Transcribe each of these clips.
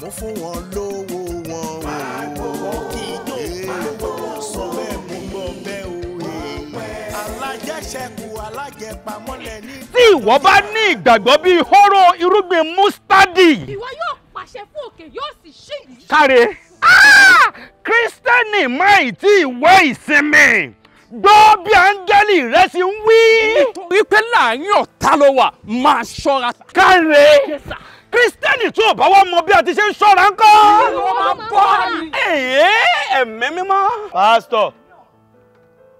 mú fún wọn lówó wọn o. pàgbówó kí yóò pàgbówó sọ bẹ́ẹ̀ mú gbọ́ bẹ́ẹ̀ o. alájẹṣẹ́kù alájẹpamọ́lẹ̀ ní. tí ìwọ bá ní ìgbàgbọ́ bíi hóró irúgbìn mustadi. ìwọ yóò pàṣẹ fún òkè yóò sì ṣí ìlú. káre ah! kírísítẹ́nì máì tí ìwé ìsinmi gbọ́ bí áńgẹ́lì rẹ ti ń wí. nítorí pé láàárín ọ̀tá ló wà máa ṣọ́ra. káre. Yes, kristẹni tó o bá wà mọ bí a ti ṣe ń ṣọ́ra ńkọ́. wọ́n máa bọ́ àmì. ẹ̀ẹ́ ẹ̀mí mímọ́. pásítọ̀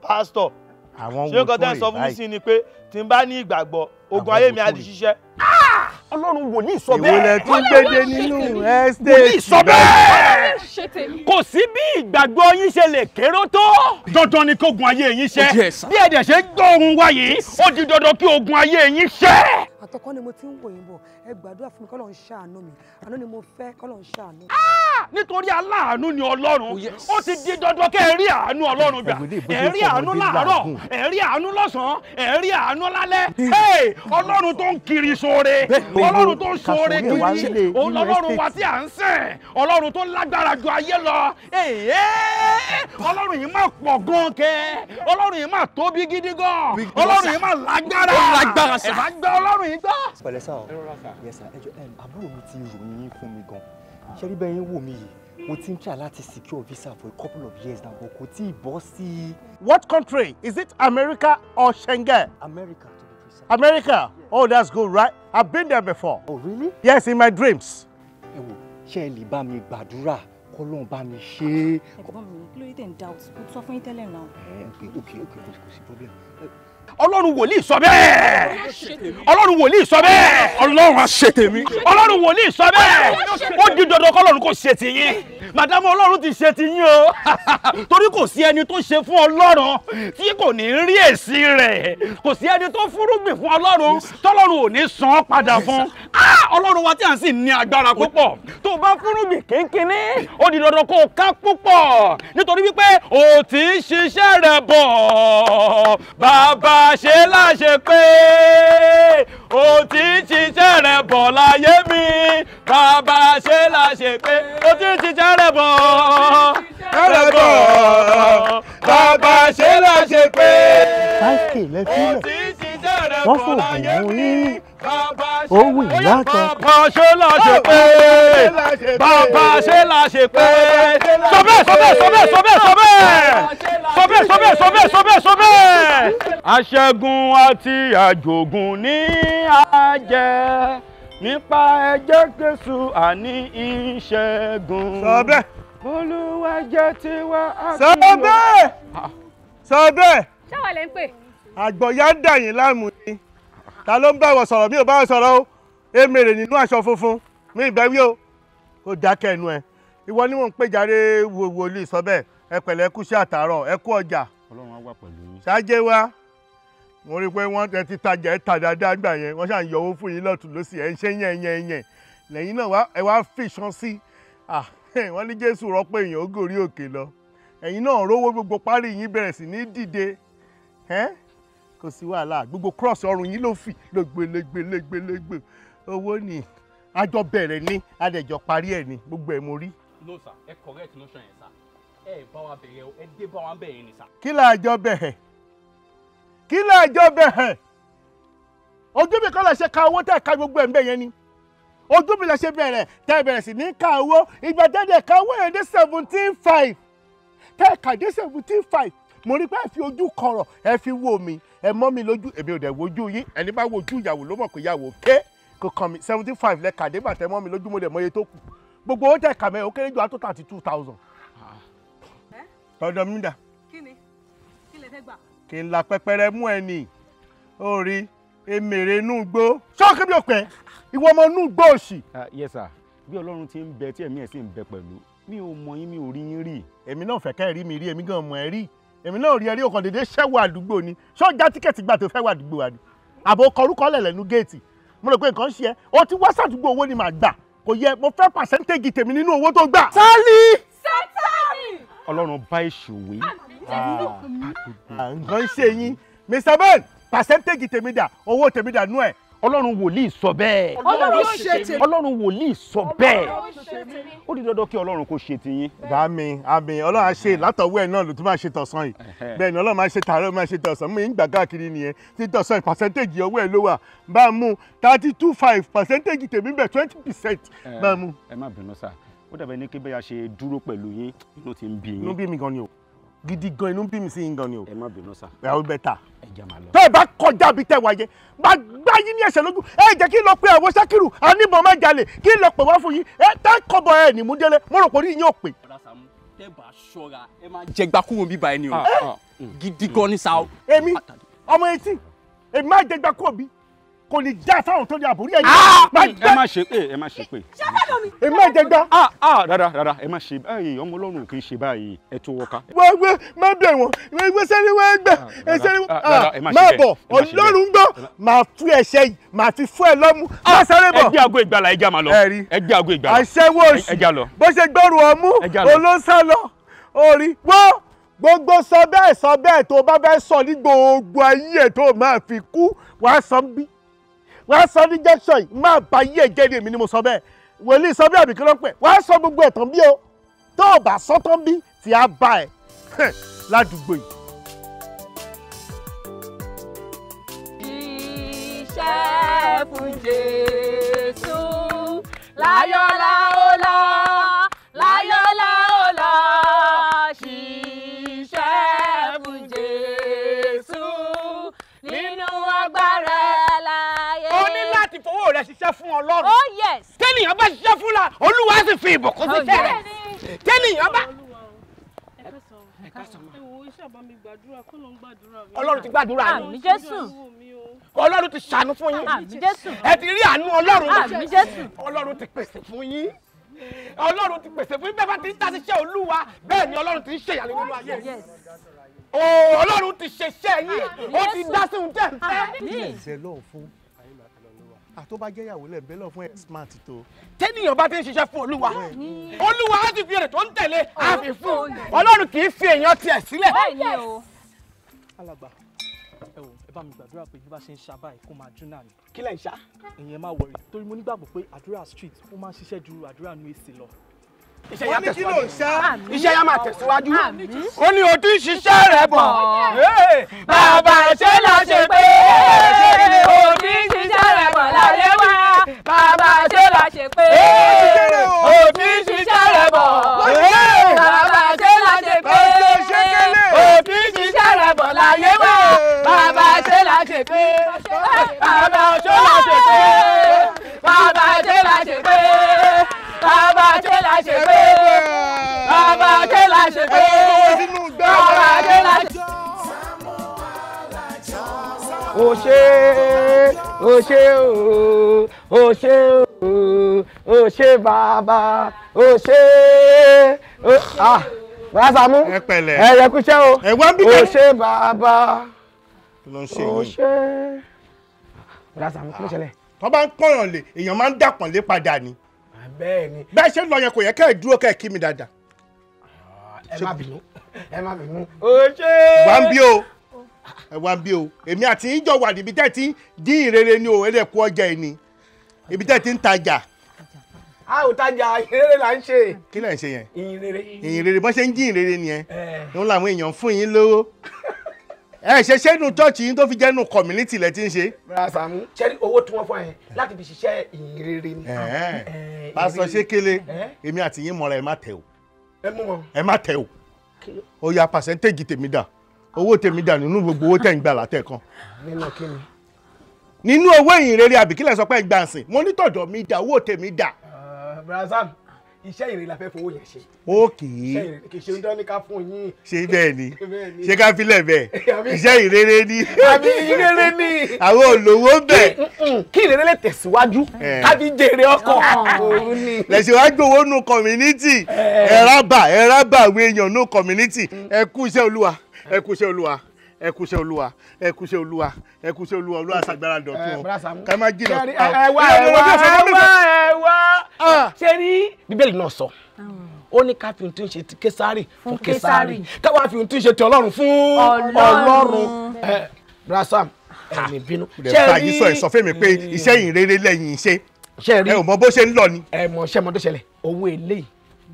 pásítọ̀ sọ fún mi sí ni pé tí n bá ní ìgbàgbọ́ ogun ayé mi á di ṣiṣẹ́ ọlọ́run wòlíì sọ bẹ́ẹ̀ ìwòlẹ̀ tún gbéde nínú ẹ́stéètì wòlíì sọ bẹ́ẹ̀ kò sí bí ìgbàgbọ́ yín ṣe lè kéré tó dandan ni kí ogun ayé yín ṣẹ oh, bí ẹ̀dẹ̀ ṣe ń gbọ́ ohun wa yìí ó di dandan kí ogun ayé yín ṣẹ. àtọkọ ni mo ti ń wò yín bọ ẹ gbàdúrà fún mi kọ́ ń ṣàánú mi àánú ni mo fẹ́ kọ́ ń ṣàánú. Ah! nítorí aláàánú ni ọlọ́run oh, ó ti di dandan kẹ́ ẹ rí àánú ọlọ́run gbà ẹ rí àánú láàárọ̀ ẹ rí àánú lọ́sàn-án ẹ rí àánú lálẹ́ ọlọ́run tó ń kiri sọ ṣoore ọlọ́run tó ṣoore kiri ọlọ́run wa tí à ń sìn ọlọ́run tó lágbára ju ayé lọ ọlọ́run yìí máa pọ̀ gan kẹ ọlọ́run yìí máa tóbi gidi gan ọlọ́run yìí máa lágbára lágbára sà ẹ̀fà gbẹ ọlọ́run yìí gbọ́. pẹ̀lẹ́ sá yẹ sá ẹjọ àbúrò mi ti ròyìn fún mi gan ṣé bẹ́ẹ̀ yín wò mí yìí mo ti ń try láti secure visa for a couple of years now kò tí ì bọ́ sí what country is it America or Schengen. America. America? Oh, that's good, right? I've been there before. Oh, really? Yes, in my dreams. Ẹ wò, ṣé ẹ mi gbàdúrà kọ́lọ́n bá mi ṣe é. mi, kí ló dé doubt? Mo sọ fún yín tẹ́lẹ̀ náà. Ẹ ok ok ok kò problem ọlọ́run wòlíì sọ bẹ́ẹ̀ ọlọ́run wòlíì sọ bẹ́ẹ̀ ọlọ́run á ṣe tèmi ọlọ́run wòlíì sọ bẹ́ẹ̀ ó di dandan kọ́lọ́run kò ṣe tìyín màdàmú ọlọ́run ti ṣe tìyín o torí kò sí ẹni tó ṣe fún ọlọ́run tí kò ní rí èsì rẹ̀ kò sí ẹni tó fúrúgbìn fún ọlọ́run tọ́lọ́run ò ní san padà fún ah! ọlọ́run wa tí à ń sìn ní agbára púpọ̀ tó bá fúrúgbìn kínkínní ó di dandan kó o ká púpọ̀ nítorí wípé ó ti ṣiṣẹ́ rẹ̀ bọ̀ bàbá ṣe láṣẹ pé o ti ń ṣiṣẹ́ rẹ̀ bọ̀ láyé mi bàbá ṣe láṣẹ pé o ti ń ṣiṣẹ́ rẹ̀ bọ̀ rẹ̀ bọ̀ bàbá ṣe láṣẹ pé o ti ń ṣiṣẹ́ rẹ̀ bọ̀ láyé mi ohun ìyá kan. bàbá ṣe la ṣe pé bàbá ṣe la ṣe pé sọbẹ sọbẹ sọbẹ sọbẹ sọbẹ sọbẹ sọbẹ sọbẹ sọbẹ. aṣẹ́gun àti àjògùn ní àjẹ́ nípa ẹ̀jẹ̀ Jésù àní ìṣẹ́gun. sọbẹ. olúwa jẹ́ tiwa. sọbẹ sọbẹ. ṣáwa lè ń pè. àgbọ̀yá ń dà yín láàmú ni ta ló ń bá wọn sọ̀rọ̀ mi ò bá wọn sọ̀rọ̀ o emèrè nínú aṣọ funfun mi ì bẹ́wí o kò dákẹ́ ẹnu ẹ ìwọ ni mò ń péjàre wòlíì sọ bẹ́ẹ̀ ẹ pẹ̀lẹ́ kú sí àtàárọ̀ ẹ kú ọjà. ọlọ́run á wà pẹ̀lú yín. ṣáájé wa mo rí i pé wọ́n ti tajà ẹ̀ tà dáadáa gbà yẹn wọ́n ṣàn yọwọ́ fún yín lọ́tún lọ́sì ẹ̀ ń ṣe yẹn yẹn yẹn lẹ́yìn náà ẹ wá fìṣàn sí wọ́n ní jésù rọ́pò èèyàn ó gòrí òkè lọ ẹ̀yìn náà rówó gbogbo parí yín bẹ̀rẹ̀ sí ní dìde kò sí wàhálà gbogbo cross ọrùn yín ló fì ló gbélégbélégbélégbé owó ni àjọ bẹ̀rẹ̀ ni adẹ̀jọ parí ẹ̀ ni gbogbo ẹ̀ mo rí. no sir ẹ correct notion yẹn sir ẹ bá wa bẹ̀rẹ̀ ẹ dé bá wa bẹ̀rẹ̀ ni sir. kí la àjọ bẹ̀rẹ̀ kí la àjọ bẹ̀rẹ̀ ojú mi kọ́ la ṣe ka owó tẹ̀ ká gbogbo ẹ̀ ń bẹ̀ yẹn ni ojú mi la ṣe bẹ̀rẹ̀ tẹ̀ bẹ̀rẹ̀ sí ní ka owó ìgbà tẹ̀lé ka owó yẹn dé seventeen five tẹ̀ ká dé seventeen five mo rí pé ẹ fi ojú kọ̀rọ̀ ẹ fi wò mí ẹ mọ́ mi lójú èmi ò dẹ̀ wojú yín ẹni bá wojú ìyàwó ló mọ̀ pé ìyàwó ké kò kàn mí seventy five lẹ́ka débà tẹ mọ́ mi lójú mo dẹ̀ mọye tó kù gbogbo owó tẹ̀ kà mẹ́ ó kéré jù àtó thirty two thousand. tọ́jọ́ mi dà. kí ni kí lè fẹ́ gbà. kí n la pẹpẹrẹ mú ẹ nì ó rí emèrè inú gbó ṣọ́ọ̀kì mi ò pẹ́ ìwọ ọmọ inú gbó òsì. Ah, yes sir bí ọlọ́run ti ń bẹ tí ẹ̀mí ẹ̀ sì ń bẹ pẹ̀lú mi ò mọ yín mi ò rí yín rí. èmi náà fẹ́ kẹ́ rí mi rí èmi gan mọ̀ ẹ́ rí èmi náà rí ẹrí ọkàn dédé ṣẹ́wó àdúgbò ni ṣọ́ọ̀jà tíkẹ́ẹ̀tì gbà tó fẹ́ wà àdúgbò wa ni àbò kọrúkọ lẹ̀lẹ̀ nu géètì mo rò pé nǹkan ṣe ẹ́ o ti wá sàdúgbò owó ni màá gbà kò yẹ mo fẹ́ pàṣẹ́ntéèjì tèmi nínú owó tó gbà. sálí. sátani. ọlọ́run bá ìṣòwé. Ah, nǹkan ṣe yín mr ben pàṣẹ́ntéèjì tèmi dà owó tèmi dà nú ẹ̀ ọlọ́run wòlíì sọ bẹ́ẹ̀ ọlọ́run wòlíì sọ bẹ́ẹ̀ ó di dandan kí ọlọ́run kó ṣe tiyín. àmín àmín ọlọ́run á ṣe látọ̀wọ́ ẹ̀ náà ló tún máa ṣe tọ̀sán yìí bẹ́ẹ̀ ni ọlọ́run máa ṣe tààrọ̀ máa ṣe tọ̀sán mú ìgbà káàkiri nìyẹn tí tọ̀sán yìí pàṣẹ́ntéèjì owó ẹ̀ ló wà bá a mú thirty two five pàṣẹ́ntéèjì tèmi bẹ̀ twenty percent bá a mú. ẹ má bínú sá ó dàbẹ̀ ní kí bẹ́ẹ̀ ṣe dúró pẹ̀lú yín inú ti ń bí yín. inú bí mi gan ni o gidi gan inú bí mi sí gan ni o. ẹ má bínú sá. ẹ ó bẹta. ẹ jẹ́ máa lọ. tẹ́ ẹ bá kọjá bíi tẹ́ wáyé bá gbá yín ní ẹsẹ̀ lógún ẹ jẹ́ kí n lọ pe àwọn sákìrù àníbọn má jalè kí n lọ pè wá fún yín ẹ tẹ́ kọ́bọ̀ ẹ ní múdélé mo rò pé orí yín ò pè. ọ̀dà bá ṣọ́ra ẹ máa jẹ gba kúrò ẹni o ah, ah. gidi gan ni sá o. èmi ọmọ etí èmi máa jẹ gba bíi kò ní já fáwọn tó ní àbórí ẹ̀jẹ̀. Ah! ẹ má ṣe pé ẹ má ṣe pé. ẹ má jẹ gbá. Ah, ah, rárá rárá ẹ má ṣe báyìí ọmọ ọlọ́run kì í ṣe báyìí ẹ tó wọ́ká. wọ́n gbé má bẹ̀ wọ́n wọ́n sẹ́ni wọ́n gbẹ̀ ẹ sẹ́ni má bọ̀ ọlọ́run gbọ́ máa tú ẹ̀ṣẹ̀ yìí máa fi fún ẹ lọ́mú má sáré bọ̀. ẹ gbé aago ìgbàlà ẹ já máa lọ gbogbo sọ bẹ́ẹ̀ sọ bẹ́ẹ̀ tó bá fẹ́ sọ ní gbogbo ayé ẹ̀ tó máa fi kú wàá sọ bí wàá sọ ní jẹ́sọ̀ yìí má ba yí ẹ̀jẹ̀ ni èmi ni mo sọ bẹ́ẹ̀ wòlíì sọ bí àbíkí ló ń pè wàá sọ gbogbo ẹ̀tàn bí o tó o bá sọ tán bí tí a bá ẹ̀ ládùúgbò yìí. iṣẹ́ fún Jésù láyọ̀ láó láó. bẹ̀rẹ̀ ṣiṣẹ́ fún Ọlọ́run. oh yes. tẹ́nìyàn bá ṣiṣẹ́ fún la Olúwa sì fi ìbùkún sí oh, iṣẹ́ rẹ̀ tẹ́nìyàn bá. Ọlọ́run ti gbàdúrà yín. àmín Jésù. Ọlọ́run ti ṣàánú fún yín. àmín Jésù. ẹ ti rí àánú Ọlọ́run. àmín Jésù. Ọlọ́run ti pèsè fún yín. Ọlọ́run ti pèsè fún yín bẹ́ẹ̀ bá ti ń tàṣiṣẹ́ Olúwa bẹ́ẹ̀ ni Ọlọ́run ti ń ṣèyàlẹ́ nínú ayé yìí oh, ọlọ́run ti ṣe iṣẹ́ yín ah, ó ti dá sí ohun tẹ́ ń fẹ́. àmín. ìṣẹ̀lẹ̀ ọ̀fun àtó ah, bá jẹ́ ìyàwó lẹ́ẹ̀bẹ́ lọ fún ẹ̀ smart tó. tẹ́nìyàn bá ti ń ṣiṣẹ́ fún olúwa olúwa á ti fi èrè tó ń tẹ̀lé àfi fún ọlọ́run kì í fi èèyàn tiẹ̀ sílẹ̀. alàgbà ẹ wò ẹ bá mi gbàdúrà pé bí bá ṣe ń ṣá báyìí kó máa dún náà ni. kí lẹ̀ ń ṣá. ìyẹn máa wọrí torí mo nígbàgbọ́ pé àdúrà street ó máa ń ṣiṣẹ́ ju àdúrà nu èsì lọ. iṣẹ́ yá tẹ̀síwájú iṣẹ́ yá máa tẹ̀síwájú ó ní ojú ṣiṣẹ́ rẹ̀ bọ̀. bàbá ṣe là ṣe pé ojú ṣiṣẹ́ láyé wá bàbá ṣe là ṣe pé òbí ṣiṣẹ́ rẹ̀ bọ̀ bàbá ṣe là ṣe pé òbí ṣiṣẹ́ rẹ̀ bọ̀ láyé wá bàbá ṣe là ṣe pé bàbá ṣe là ṣe pé bàbá ṣe là ṣe pé bàbá ṣe là ṣe pé bàbá ṣe là ṣe pé bàbá ṣe là ṣe pé o ṣé o ṣé o o ṣé o o ṣé bàbá o ṣé o ah rasamu ẹ pẹ̀lẹ́ ẹ yẹ kúṣẹ́ o o ṣé bàbá o ṣé rasamu kí ló ṣẹlẹ̀. tó bá ń pọ̀yàn lè èèyàn máa ń dàpọ̀ lé padà ni. bẹ́ẹ̀ ni. bẹ́ẹ̀ ṣe ń lọ yẹn kò yẹ kẹ́ ẹ̀ dúró kẹ́ ẹ̀ kí mi dáadáa. ẹ má bínú ẹ má bínú. o ṣé. wà á bí o ẹ wá bí o èmi àti yín jọ wà níbi tẹ́ ti dín ìrere ni o ẹ̀rẹ̀ kú ọjà ẹ̀ ni ibi tẹ́ ti ń tajà. a ò tajà ìrere là ń ṣe. kí lẹ̀ ń ṣe yẹn. ìrere. ìrere bọ́n ṣe ń dín ìrere nìyẹn. ló eh. làwọn èèyàn fún yín lówó. ẹ ṣe ṣẹ́nu chọ́ọ̀chì yín tó fi jẹ́nu community lẹ ti ń ṣe. bra Sàámú owó tí wọ́n fọ yẹn eh. láti fi ṣiṣẹ́ ìrere ni. pásítọ̀ eh. ṣé kele èmi àti yín mọ̀ra ẹ má tẹ̀ o. ẹ má tẹ̀ o. ó yá percentage tèmi dà owó tèmi dànù nínú gbogbo owó tẹ̀ ń gbà látẹ̀kan. nínú kí ni. nínú owó ìyìnrere àbíkílẹ̀ sọ pé ẹ gbàǹsìn mo ní tọ̀dọ̀ mi dà owó tèmi dà. Eh, brazil iṣẹ́ ìrìn la fẹ́ fowó yẹn ṣe. ókè kì í ṣe ń dání ká fún yín. ṣé bẹ́ẹ̀ ni ṣé ká filẹ̀ bẹ́ẹ̀ iṣẹ́ ìrere ni. àbí ìrere ni. àwọn olówó bẹ̀. Mm, mm, mm. kí ìrere lè tẹ̀síwájú eh. kábí jèrè ọkọ̀ ah. òru ni. lẹ̀síwájú owó nù community eh. ẹ̀rábà ẹ̀rábà àwọn èèyàn nù community ẹ kú iṣẹ́ olúwa ẹ kú iṣẹ́ olúwa ẹ kú iṣẹ́ olúwa ẹ kú iṣẹ́ olúwa ẹ kú iṣẹ́ olúwa olúwa ṣàgbára dọ̀tún o eh, ká má jìnnà. ẹ wá ẹ wá ẹ wá ẹ wá ṣe ní. bíbélì náà sọ hmm. ó ní ká fi ohun tí ń ṣe ti késárì fún késárì ká wá fi ohun tí ń ṣe ti ọlọ́run fún ọlọ́run eh, brasam ẹ ah. bínú. ṣe rí ṣe sọ fún mi pé hmm. iṣẹ́ yìí rere lẹ́yìn iṣẹ́ ẹ ò mọ bó ṣe ń lọ ni. ẹ mọ ṣẹ́ mọ ṣẹlẹ̀ owó eléyìí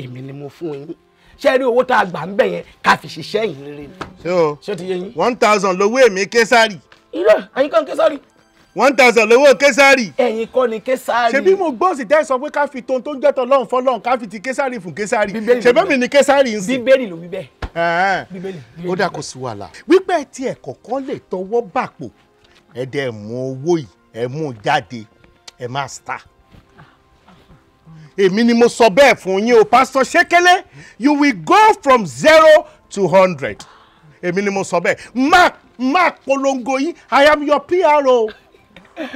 èmi ni mo fún yín ṣe rí owó tá a gbà ń bẹ̀ yẹn ká fi ṣiṣẹ́ yìí rere ni. ṣé o ti yé yín. one thousand lówó èmi késàrì. irọ́ ẹ̀yin kọ́ ni késàrì. one thousand lówó késàrì. ẹ̀yin kọ́ ni késàrì. ṣebí mo gbọ́ sí tẹ́ sọ pé ká fi tóun tó ń jẹ́tọ̀ lọ́hùn fọ́lọ́hùn ká fi ti késàrì fún késàrì. ṣebí mi ni késàrì ń sìn. bíbélì ló wí bẹ́ẹ̀. bíbélì ó dà kó sí wàhálà. wípé tiẹ̀ kọ̀ọ̀kan lè tọwọ́ bàpò ẹ̀dẹ̀ owó yìí ẹ̀ jáde ẹ̀ máa star èmi ni mo sọ bẹ́ẹ̀ fún yín o pásítọ̀ ṣékélé you will go from zero to hundred èmi ni mo sọ bẹ́ẹ̀ má má polongo yín i am your pro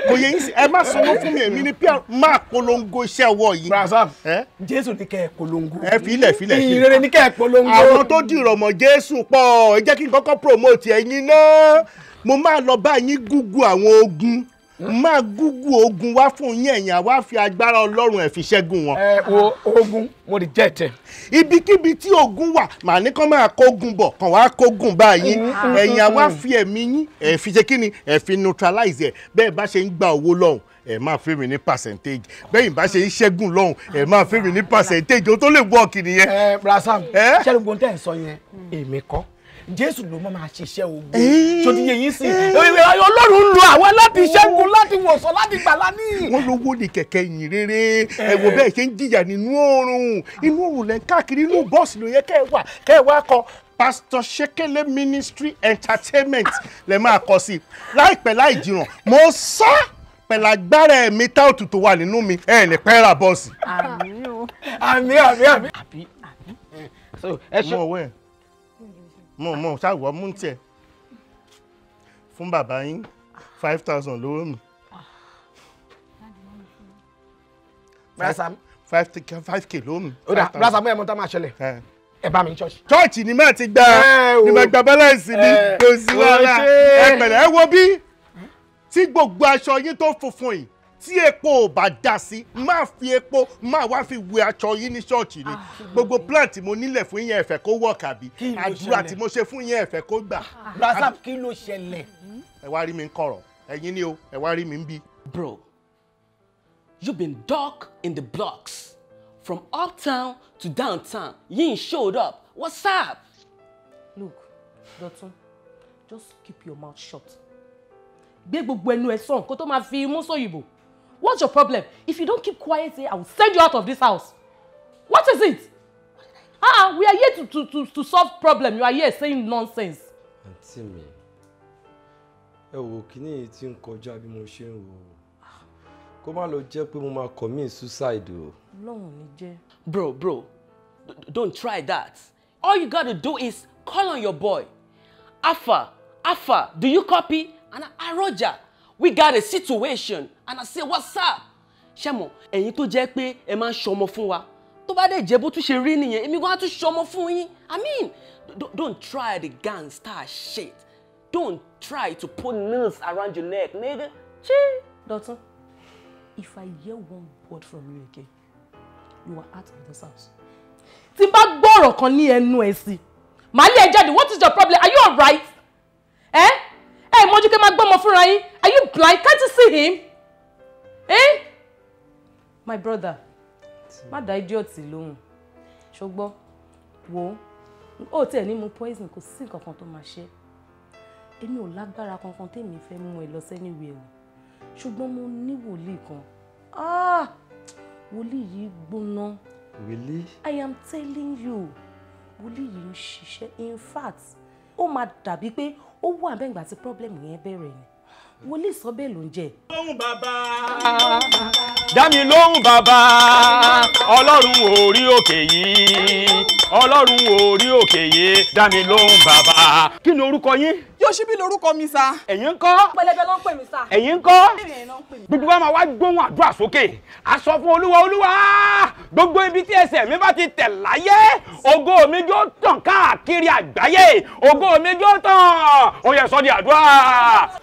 kò yẹ yín sí ẹ má sanwó fún mi èmi ni pr má polongo iṣẹ́ wọ yìí. brazam jésù ní kẹ́ ẹ polongo. ẹ filẹ̀ filẹ̀ filẹ̀ ìrere ní kẹ́ ẹ polongo. àwọn tó dìrọ̀ mọ́ jésù pọ̀ ẹ jẹ́ kí n kọ́kọ́ promote ẹ̀yin náà mo máa lọ bá yín gúgú àwọn ogun máa gúgú ogun wá fún yín ẹ̀yin àwa fi agbára ọlọ́run ẹ̀ fi ṣẹ́gun wọn. ẹ wo ogun mo lè jẹ́ ẹ̀tẹ̀. ibikíbi tí ogun wà màá ní kán máa kógun bọ̀ kàn wá kógun báyìí ẹ̀yin àwa fi ẹ̀mí yín ẹ̀ fi ṣe kíni ẹ̀ fi neutralize ẹ̀ bẹ́ẹ̀ bá ṣe ń gba owó lọ́hùn ẹ máa fẹ́ mi ní percentage bẹ́yìn bá ṣe ń ṣẹ́gun lọ́hùn ẹ máa fẹ́ mi ní percentage o tó lè wọ́ọ̀kì nìyẹn. ẹ brasam ṣẹ́ni gbọ́n tẹ́ ẹ̀ sọ yẹn èmi kọ́ jésù ló máa ṣiṣẹ́ ogun ṣòdìyẹ yìí sì ọlọ́run lo àwọn láti ṣẹ́gun láti wòsàn láti gbàlá ní. wọ́n lówó ni kẹ̀kẹ́ yìí rere ẹ wò bẹ́ẹ̀ ṣe ń jìyà nínú oorun inú oorun lẹ́ ń káàkiri inú bọ́ọ̀sì ló yẹ kẹ́ ẹ wà kẹ́ ẹ wá kọ pastor sekele ministry entertainment lẹ máa kọ sí láìpẹ́ láì jìràn mo sọ pẹ̀lú agbára ẹ̀mí tá òtútù wà nínú mi ẹ̀ ní pẹ́ẹ́rà bọ́ọ̀sì. àmì àmì àmì. àbí àbí. so ẹ ṣe. mo wẹ̀ mo mọ ṣáwọ mú tiẹ fún bàbá yín five thousand lówó mi. brasam five five k lówó mi. ó dà brasam ẹ̀ mọ́ tá máa ṣẹlẹ̀ ẹ bá mi ṣọ́ọ̀ṣì. ṣọ́ọ̀ṣì ni máa ti gba ni máa gba báláǹsì mi kò sí wàhálà ẹ pẹ̀lẹ́ ẹ wo bí tí gbogbo aṣọ yín tó funfun yìí tí epo ò bá dá sí má fi epo má wá fi wẹ aṣọ yín ní ṣọ́ọ̀ṣì ni ah, gbogbo plan mo nílẹ̀ fún yẹn ẹ̀fẹ̀ kó wọ̀ kàbí àdúrà tí mo ṣe fún yẹn ẹ̀fẹ̀ kó gbà. Ah, rasam kí ló ṣẹlẹ̀. ẹ wá rí mi ń kọ̀rọ̀ ẹ̀yin ni o ẹ wá rí mi ń bí. bro you been dark in the blocks from uptown to downtown yin showed up what's up. look dọ̀tun just keep your mouth shut gbé gbogbo ẹnu ẹ sàn kó tó máa fi mú sóyìnbó. So what's your problem if you don't keep quiet say i will send you out of this house what is it ah we are here to to to to solve problem you are here saying nonsense. àǹtí mi ẹ wò kíní yìí ti ń kọjá bí mo ṣe ń wò ó kó má lọ mo máa commit suicide o. lọ́hùn ní jẹ́. bro bro don't try that all you gotta do is call on your boy afa afa do you copy and aroja we got a situation and I say what's up ṣé mọ̀ ẹ̀yin tó jẹ́ pé ẹ máa ń ṣọmọ fún wa tó bá dẹ̀ jẹ́ bó tún ṣe rí nìyẹn èmi gan á tún ṣọmọ fún yín I mean don't, don't try the gangster shit don't try to put nails around your neck nigga chii. Dọ̀tun if I hear one word from you again you are out of this house. tí bá gbọ́ ọ̀rọ̀ kan ní ẹnu ẹ̀ sí màá lé ẹ jáde what is your problem are you alright? ẹ ẹ mọ́jú kí n máa gbọ́ ọmọ fúnra yín are you blind can't you see him? Eh? My brother, má da idiot lóhùn. Ṣogbọ́, wo, ó tiẹ̀ ní mu poison kò sí nǹkan kan tó máa ṣe. Èmi ò lágbára kankan tèmi fẹ́ mú ẹ lọ sẹ́niwé o. Ṣùgbọ́n mo ní wòlíì kan. Ah! Wòlíì yìí gbóná. Really? I am telling you, wòlíì yìí ń ṣiṣẹ́. In fact, ó máa dàbí pé ó wà bẹ́ẹ̀ ìgbà tí problem yẹn bẹ̀rẹ̀ ni wòlíì sọ bẹ́ẹ̀ ló ń jẹ. lóhùn bàbá. dá mi lóhùn bàbá ọlọ́run orí òkè yìí ọlọ́run orí òkè yìí dá mi lóhùn bàbá. kí ni orúkọ yín. yóò ṣí lorúkọ mi sa. ẹ̀yin ń kọ́. pẹlẹbẹ ló ń pè mí sa. ẹ̀yin ń kọ́. gbogbo wa máa wá gbóhùn àdúrà sókè a sọ fún olúwa olúwa gbogbo ibi tí ẹsẹ̀ mi bá ti tẹ̀ láyé ògo mi yóò tàn káàkiri àgbáyé ògo mi yóò tàn ó yẹ sọ di àdúrà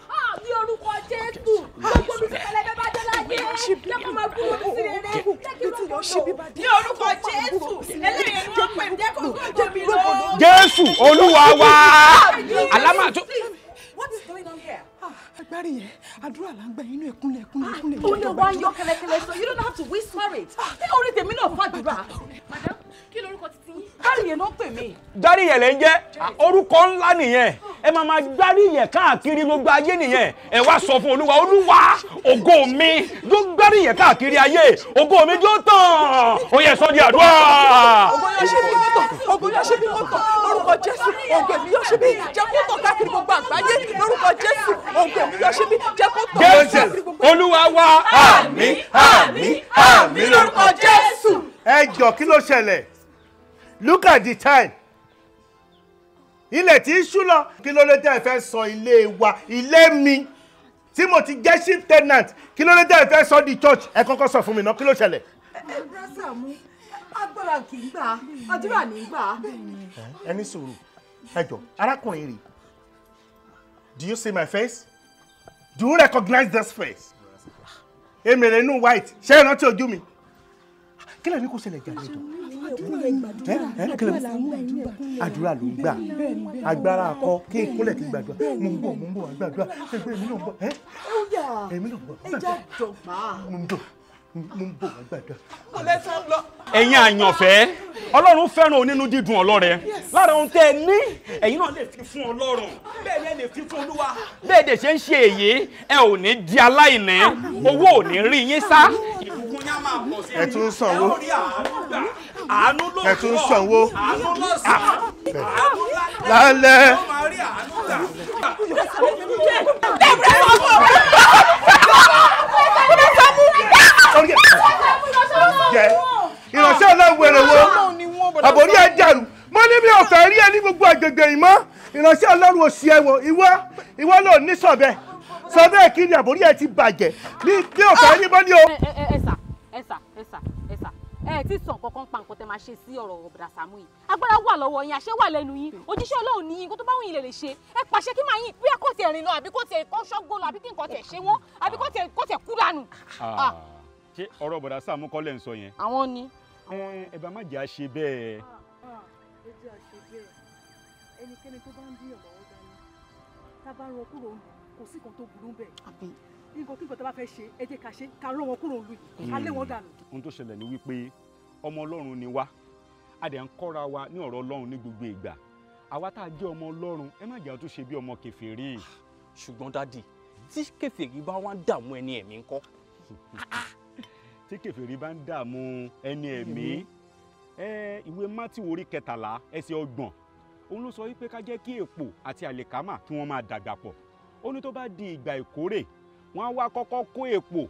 gbogbo mi ti What is going on here? agbárí yẹn eh, àdúrà là ń gbà inú ẹkúnlẹ̀ ẹkúnlẹ̀ ah, ẹkúnlẹ̀. ó lè wá yọ kẹlẹkẹlẹ so you don't have to whisper it. ṣé ah, orí tèmi náà fún ah, madam kí lorúkọ titi yín. dárí yẹn ló ń pè mí. dárí yẹn lè ń jẹ́ orúkọ ńlá nìyẹn ẹ máa máa dárí yẹn káàkiri gbogbo ayé nìyẹn ẹ wá sọ fún olúwa olúwa ògo mi ló dárí yẹn káàkiri ayé ògo mi jó tán ó yẹ sọ di àdúrà. ògo yóò ṣe bí wọ́n tọ̀ ògo yóò ṣe bí wọ́n tọ̀ lórúkọ Jesus, mi lọ ṣe bí jẹ́ kó tọ̀ ọ́ sí olúwa wa àmín àmín àmín lórúkọ jésù. ẹ jọ kí ló ṣẹlẹ̀ look at the time ilẹ̀ tí ń ṣú lọ kí ló lè tẹ́ ẹ fẹ́ sọ ilé wa ilé mi tí mo ti jẹ́ ship tenant kí ló lè tẹ́ ẹ fẹ́ sọ di church ẹ kọ́kọ́ sọ fún mi náà kí ló ṣẹlẹ̀. mu agbára kì í gbà àdúrà ní gbà. ẹ ní ẹ jọ arákùnrin rè do you see my face do you recognize this face? emèrè inú white ṣé ẹ rántí ojú mi kí lè ní kó ṣẹlẹ̀ jàre jọ àdúrà ló ń gbà agbára akọ kí ìkúnlẹ̀ ti gbàdúrà mo ń bọ̀ mo ń bọ̀ àgbàdúrà ẹgbẹ́ mi náà ń bọ̀ ẹ́ èmi náà ń bọ̀ ẹ́ jà jọ̀gbà mo ń bò wá gbàdá. ẹ̀yin àyànfẹ́ ọlọ́run fẹ́ràn onínú dídùn ọlọ́rẹ lára ohun tẹ́ ẹ ní ẹ̀yin náà lè fi fún ọlọ́run bẹ́ẹ̀ ni ẹ lè fi fún olúwa. bẹ́ẹ̀ dẹ̀ ṣe ń ṣe èyí ẹ ò ní di aláìní owó ò ní rí yín sá. ìbùkún yá máa pọ̀ sí i ẹ tún sanwó àánú ló sọ ẹ tún sanwó àánú ló sọ àánú lálẹ́. kò sí ẹ̀wọ̀n ìwọ ìwọ náà ní sọ̀bẹ sọ̀bẹ kiri àbórí ẹ ti bàjẹ́ ní bí ọ̀fẹ́ anybody o. ẹ ẹ ẹ sà ẹ sà ẹ sà ẹ sà ẹ ti sọ nǹkan kan pa nǹkan tẹ máa ṣe sí ọ̀rọ̀ ọ̀bùdà Sàámú yìí agbára wà lọ́wọ́ yín àṣẹ wà lẹ́nu yín òjíṣẹ́ Ọlọ́run ní yín kó tó bá wùn yín lè lè ṣe ẹ pàṣẹ kí màá yín bí kò tiẹ̀ rìn lọ àbí kò tiẹ̀ kọ́ ṣọ́gbó lọ àbí kí nǹkan tiẹ̀ ṣe wọ́n àbí kò tiẹ̀ kò tiẹ̀ kú lánàá. Ah. Ah. ṣé ọ̀rọ̀ ọ̀bùdà Sàámú kọ́ lẹ́ ń sọ yẹn. àwọn ni. Ah, ẹ bá má jà ṣe bẹ́ẹ̀. ẹnikẹ́ni tó bá ń díyàn tá a bá rán kúrò kò sí nǹkan tó burú bẹ́ẹ̀. àbí. nǹkan kí nǹkan tá a bá fẹ́ ṣe ẹ jẹ́ ká ṣe ká rán wọn kúrò lu yìí ká lé wọn dànù. Hmm. ohun tó ṣẹlẹ̀ ni wípé ọmọ ọlọ́run ni wá a dẹ̀ ń kọ́ra wa ní ọ̀rọ̀ ọlọ́run ní gbogbo ìgbà àwa tá a jẹ́ ọmọ ọlọ́run ẹ má jẹ́ àwọn tó ṣe bí ọmọ kèfèrí. ṣùgbọ́n dádì tí kèfèrí bá wá ń dààmú ẹni ẹ̀mí ńkọ́. tí kèfèrí bá ń dààmú ẹni ẹ̀mí ìwé mátìwórí kẹtàlá ẹsẹ̀ ọgbọ̀n òun ló sọ wípé ká jẹ́ kí èpò àti àlìkámà kí wọ́n máa dàgbà pọ̀ ó ní tó bá di ìgbà ìkórè wọ́n á wá kọ́kọ́ kó èpò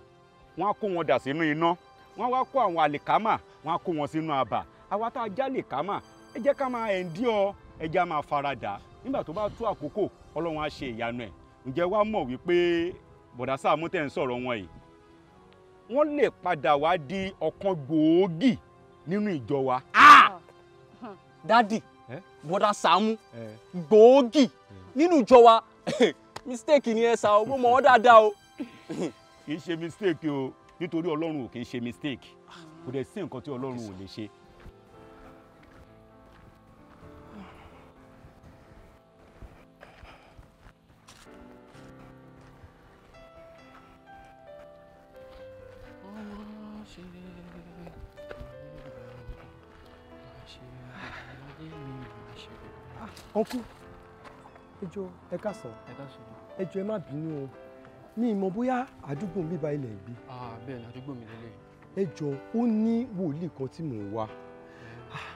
wọ́n á kó wọn dà sínú iná wọ́n á wá kó àwọn àlìkámà wọ́n á kó wọn sínú abà àwa tá a já àlìkámà ẹ jẹ́ ká máa endure ẹ jẹ́ á máa faradà nígbà tó bá tó àkókò ọlọ́run á ṣe ìyanu ẹ̀ ǹjẹ́ wàá mọ̀ wípé bọ̀dá Sàámú ń sọ̀rọ̀ wọn yìí wọ́n lè padà wá di ọ̀kan gbòógì nínú ìjọ wa. dádì. Ah! bọ́dà Sàámú gbòógì nínú ìjọ wa mistake ni ẹ sá o mo mọ̀ ọ́ dáadáa o. kì í ṣe mistake o nítorí Ọlọ́run ò kì í ṣe mistake kò dẹ̀ sí nǹkan tí Ọlọ́run ò lè ṣe ọkú ẹjọ ẹ ká sọ ẹjọ ẹ má bínú o ní ìmọ̀ bóyá àdúgbò mi bá ilẹ̀ gbé. bẹ́ẹ̀ ni àdúgbò mi ẹjọ ó ní wòlíì kan tí mò ń wá ah,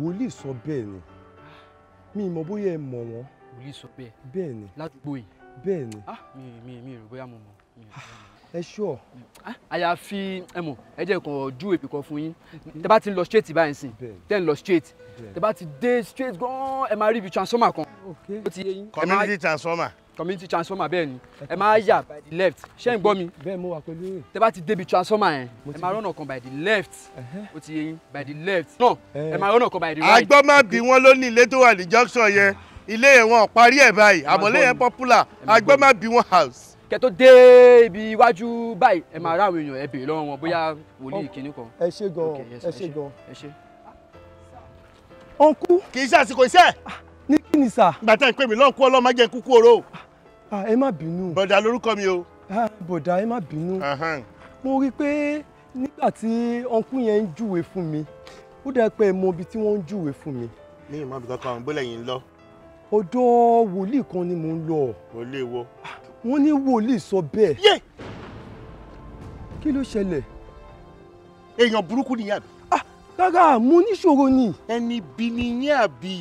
wòlíì sọ bẹ́ẹ̀ ni mi ìmọ̀ bóyá ẹ mọ̀ wọ́n. wòlíì sọ bẹ́ẹ̀. bẹ́ẹ̀ ni. ládùúgbò yìí. bẹ́ẹ̀ ni. Ah, mi mi mi rò bóyá mo mọ̀ mi rò bóyá mo mọ̀ ẹ ṣọ. Ah, àyàfi ẹ mọ ẹ jẹ́ kàn ju èpè kan fún yín tẹ bá ti lọ straight báyìí sìn tẹ ń lọ straight tẹ bá ti dé straight gan ẹ máa rí ibi transformer kan. community transformer. community transformer bẹ́ẹ̀ ni ẹ máa yà by the left ṣé ń gbọ́ mi. bẹ́ẹ̀ mo wà pẹ̀lú yìí. tẹ bá ti débi transformer yẹn ẹ máa rọ́nà kan by the left ó ti yé by the left náà ẹ máa rọ́nà kan by the right. àgbọ̀ má bí wọ́n ló ilé tó wà ní junction yẹn ilé yẹn wọn ò parí ẹ̀ báyìí àmọ́lé yẹn popular àgbọ̀ má bí wọ́n house kẹ́ tó dé ibi iwájú báyìí ẹ máa rá àwọn èèyàn ẹ béèrè lọ́wọ́ wọn bóyá wòlíì kìíní kan. ẹ ṣe gan ẹ ṣe gan. ọ̀nkú. kì í ṣe àsìkò iṣẹ́. ní kí ni sà. bàtà ìpè mí lọ́nkú ọlọ́mọ jẹ́ kúkú oró. ẹ má bínú. bọ̀dà lórúkọ mi o. bọ̀dà ẹ má bínú. mo rí i pé nígbà tí ọ̀nkú yẹn ń júwe fún mi ó dẹ́ pé mo ibi tí wọ́n ń júwe fún mi. ní ìmọ̀ bí kankan bó lẹ́yìn lọ. ọ̀dọ̀ wòlíì kan ni mò ń lọ. wòlíì wo. Ah, wọ́n ní wòlíì sọ bẹ́ẹ̀. yé kí ló ṣẹlẹ̀. èèyàn burúkú nìyẹn àbí. ah rárá mo níṣòro ni. ẹni bí nìyẹn àbí.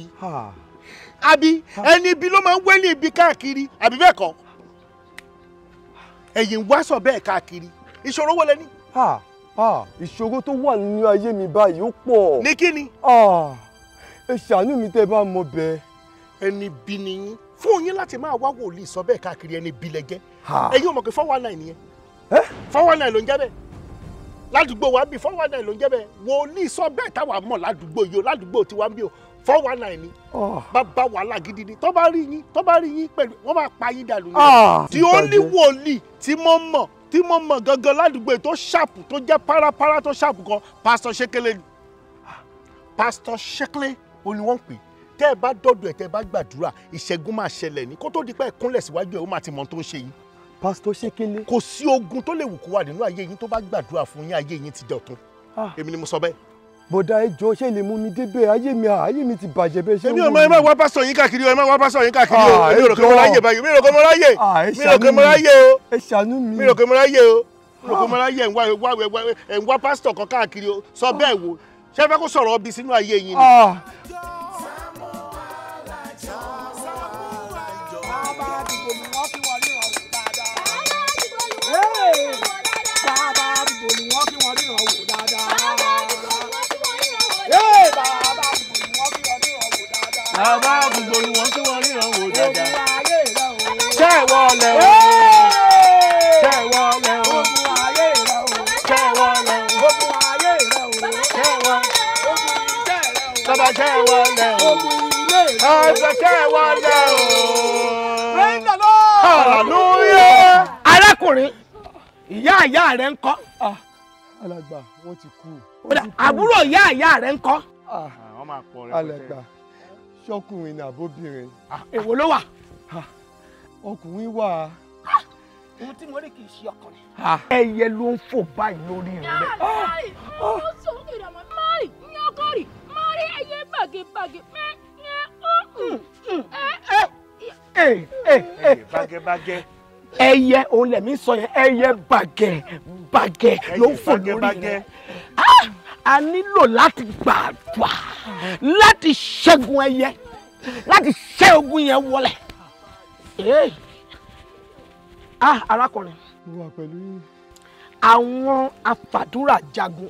àbí ẹni bí ló máa ń wẹ́lẹ̀ ibi káàkiri àbí bẹ́ẹ̀ kọ́ ẹ̀yìn ń wá sọ bẹ́ẹ̀ káàkiri ìṣòro wo lẹ ní. ìṣòro tó wà nínú ayé mi báyìí ó pọ̀. ní kí ni. Ah, ẹ ṣàánú mi tẹ́ ẹ bá mọ bẹ́ẹ̀. ẹni bí nìyẹn fún yín láti máa wá wòlíì sọ bẹ́ẹ̀ káàkiri ẹni bilẹ̀ jẹ́ ẹ̀yin ò mọ̀ pé four one nine nìyẹn four one nine ló ń jẹ́ bẹ́ẹ̀ ládùúgbò wa bí four one nine ló ń jẹ́ bẹ́ẹ̀ wòlíì sọ bẹ́ẹ̀ táwa mọ̀ ládùúgbò yìí o ládùúgbò tiwa bí o four one nine ni ah. bàbá wàhálà gidi ni tó bá rí yín tó bá rí yín pẹ̀lú wọ́n máa pa yín dànù yín tí ó ní wòlíì tí tí mo mọ̀ gangan ládùúgbò tó ṣàpù tó jẹ́ párapára tó ṣàpù gan pásítọ̀ ṣékélé ah. pásítọ̀ ṣékélé olùwọ̀n pè é tẹ́ ẹ bá dọ́dọ̀ ẹ̀ tẹ́ ẹ bá gbàdúrà ìṣẹ́gun máa ṣẹlẹ̀ ní kó tó di pé ẹ̀kúnlẹ̀ síwájú ẹ̀ ó máa ti mọ tó ń ṣe yìí. pásítọ̀ ṣékélé. kò sí ogun tó lè wù kó wà nínú ayé yín tó bá gbàdúrà fún yín ayé yín ti dọ̀tun. Ah. èmi ni mo sọ bẹ́ẹ̀. bọ̀dà ẹjọ́ ṣe lè mú mi débẹ̀ ayé mi à ayé mi ti bàjẹ́ bẹ́ẹ̀ ṣé wọ́n. èmi ò mọ ẹ má wá pásítọ̀ yín káàkiri o ẹ má wá pásítọ̀ yín káàkiri o ah, èmi rò kí mo ráyè báyìí ah, mi rò kí mo ráyè mi rò kí mo ráyè o ẹ ṣàánú mi mi rò kí mo ráyè o mi rò kí mo ráyè ẹ̀ ń wá pásítọ̀ kan káàkiri o sọ bẹ́ẹ̀ wo ṣé ẹ fẹ́ kó sọ̀rọ̀ ọbí sínú ayé yín ni. bàbá àdúgbò ni wọ́n tí wọ́n ríran wò dáadáa. ṣé ìwọ ọlẹ́ o ṣé ìwọ ọlẹ́ o ṣé ìwọ ọlẹ́ o bàbá ṣé ìwọ ọlẹ́ o bàbá ṣé ìwọ ọlẹ́ o. hallelujah. arákùnrin ìyá ìyá rẹ ń kọ́. Ah, alàgbà wọn ti kú. àbúrò ìyá ìyá rẹ ń kọ́. àwọn ah, máa pọ̀ rẹ pẹ̀lú ṣọkùnrin ni àbóbìnrin. èwo ló wà. ọkùnrin wà. ohun tí mo rí kì í ṣe ọkùnrin. ẹyẹ ló ń fò báyìí lórí rẹ. ó sọ fún mi ìdààmú mari ní ọgọ́rì mari ẹyẹ bàgẹ́bàgẹ́ mẹ́ hmm, hmm. ẹ ẹ bàgẹ́bàgẹ́. ẹyẹ òun lẹ̀mí sọ yẹn ẹyẹ bàgẹ́ bàgẹ́ ló ń fò lórí rẹ a nílò láti gbàdúrà láti ṣẹ́gun ẹyẹ láti ṣẹ́ ogun yẹn wọlé. ah arákùnrin. mo wà pẹ̀lú yín. àwọn afàdúrà jagun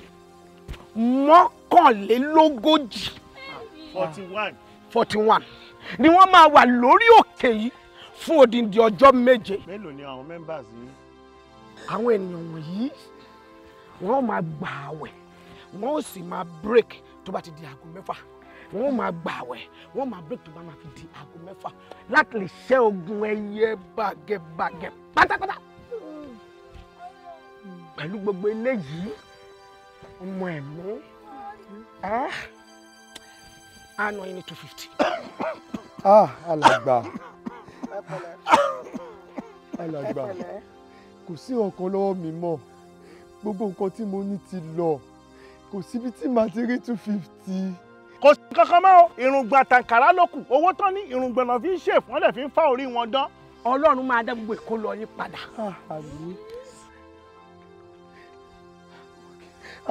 mọ́kànlélógójì. forty one. forty one ni wọ́n máa wà lórí òkè yìí fún odindi ọjọ́ méje. mélòó ni àwọn members yìí. àwọn ènìyàn wọ̀nyí wọ́n máa gbààwẹ̀ wọ́n sì máa break tó bá ti di aago mẹ́fà wọ́n máa gbààwẹ̀ wọ́n máa break tó bá máa fi di aago mẹ́fà láti lè ṣẹ́ ogun ẹyẹ bàgẹ́bàgẹ́ pátápátá pẹ̀lú gbogbo eléyìí ọmọ ẹ̀mí àánú yín ní two fifty. ah alagba. Alagba. kò sí ọ̀kan lọ́wọ́ mi mọ́ gbogbo nǹkan tí mo ní ti lọ kò síbi tí màá ti rí two fifty. kò sí kankan mọ́ o ìrùngbọ̀n àtàǹkàrà ló kù owó tán ní ìrùngbọ̀n náà fi ń ṣèfún wọn dẹ̀ fi ń fa orí wọn dán ọlọ́run máa dá gbogbo èkó lọ yín padà.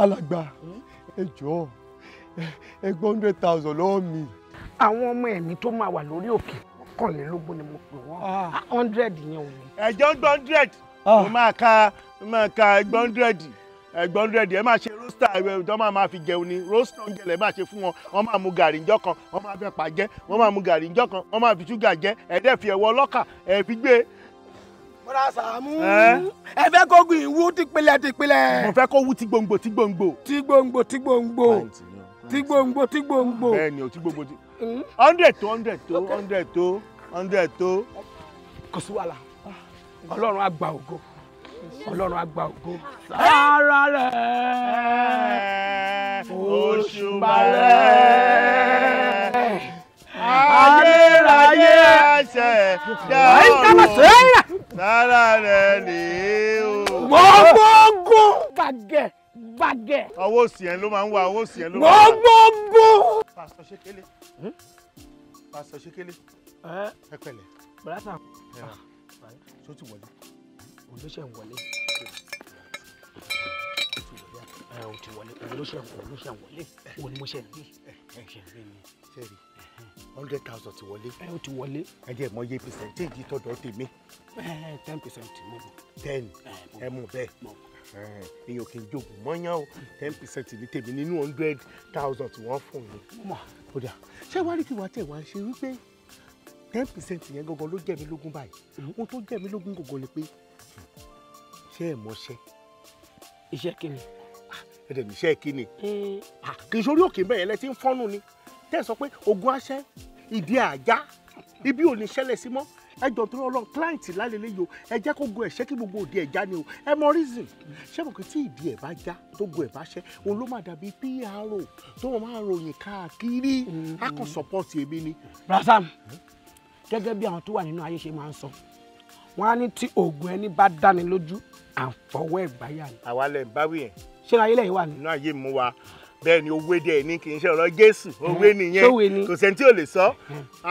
alàgbà ẹ jọ̀ọ́ ẹ gbọ́ hundred thousand lọ́wọ́ mi. àwọn ọmọ ẹ̀mí tó máa wà lórí òkè mọ́kànlélógún ni mo pè wọ́n hundred yẹn ò ní. ẹ̀jọ̀ ń gbọ́ hundred mo máa ka máa ka ẹgbọ́n hundred ẹgbọ́n hundred ẹ máa ṣe roaster ẹ tó máa máa fi jẹun ni roaster oúnjẹ lẹ́ẹ̀ bá ṣe fún wọn wọ́n máa mu gàrí ńjọ́ kan wọ́n máa fẹ́ pa jẹ́ wọ́n máa mu gàrí ńjọ́ kan wọ́n máa fi ṣúgà jẹ́ ẹ̀ẹ́dẹ́ fi ẹ̀wọ́ ọlọ́kà ẹ̀ fi gbé. bọ́dà Sàámú ẹ fẹ́ kó gbìn wú tìpilẹ̀ tìpilẹ̀. mo fẹ́ kó wú tigbòǹgbò tigbòǹgbò. tigbòǹgbò tigbòǹgbò tigbòǹgbò tigbòǹgbò. bẹ́ẹ̀ni o tigbòǹgbò ti hmm? hundred tó hundred tó hundred tó hundred tó. kò sí wàhálà Ọlọ́run á gba ògo ọlọ́run àgbà ògo sára rẹ̀ òṣùbà rẹ̀ ayérayé ẹsẹ̀ dáhùn sára rẹ̀ rèé o. wọ́n gbọ́ngàn gbàgẹ̀ gbàgẹ̀. ọwọ́ òsì yẹn ló máa ń wá ọwọ́ òsì yẹn ló máa ń wá. wọ́n gbọ́ngàn. pásítọ̀ ṣékélé hmm? pásítọ̀ ṣékélé eh? ẹ pẹ̀lẹ́. bàtà ṣó ti wọlé òun ló ṣẹ̀ ń wọlé o ti wọlé òun ló ṣe òun ló ṣe wọlé òun ni mo ṣe ń bí. sẹ́ẹ̀rì hundred thousand ti wọlé. ẹ o ti wọlé. ẹ jẹ́ mọ iye percentage tọ̀dọ̀ tèmi. ten percent mo mọ. ten ẹ mọ bẹ́ẹ̀ èèyàn kì í jogun mọ́yán o ten percent ní tèmi nínú hundred thousand tí wọ́n fún mi. ó dà ṣé wàá rí tiwa tẹ̀ wá ṣe wípé ten percent yẹn gangan ló jẹ́ mi lógún báyìí hmm. ohun tó jẹ́ mi lógún gangan ni pé ṣé ẹ mọṣẹ́. iṣẹ́ kí ni. Ah, ẹ dẹ̀ mi iṣẹ́ kí ni. Hmm. Ah, kì í sórí òkè bẹ́ẹ̀ yẹn lẹ́tí ń fọ́nù ni tẹ́ ẹ sọ pé ogun aṣẹ́ ìdí àjá ibi ò ní ṣẹlẹ̀ sí mọ́ ẹjọ tó lọ client lálẹ́lẹ́ yìí o ẹ jẹ́ kó gun ẹ̀ṣẹ́ kí gbogbo òde ẹ̀ já ni o ẹ mọ reason ṣé mo kì í tí ìdí ẹ̀ bá já tó gun ẹ̀ bá ṣẹ́ òun ló máa dàbí PRO tó wọn máa ròyìn káàkiri akọ support èmi ni. rasam hmm. gẹ́gẹ́ bí àwọn tó wà nínú ayé ṣe máa ń sọ wọ́n á ní tí oògùn ẹni bá dáni lójú àǹfọwọ́ ẹ̀gbáyà ni. àwa lẹ̀ ń báwí yẹn. ṣé ayé lẹ́yìn wà ní. inú ayé mú wa bẹ́ẹ̀ ni owó díẹ̀ ní kì í ṣe ọ̀rọ̀ jésù owó nìyẹn kò sẹ́ni tí ò lè sọ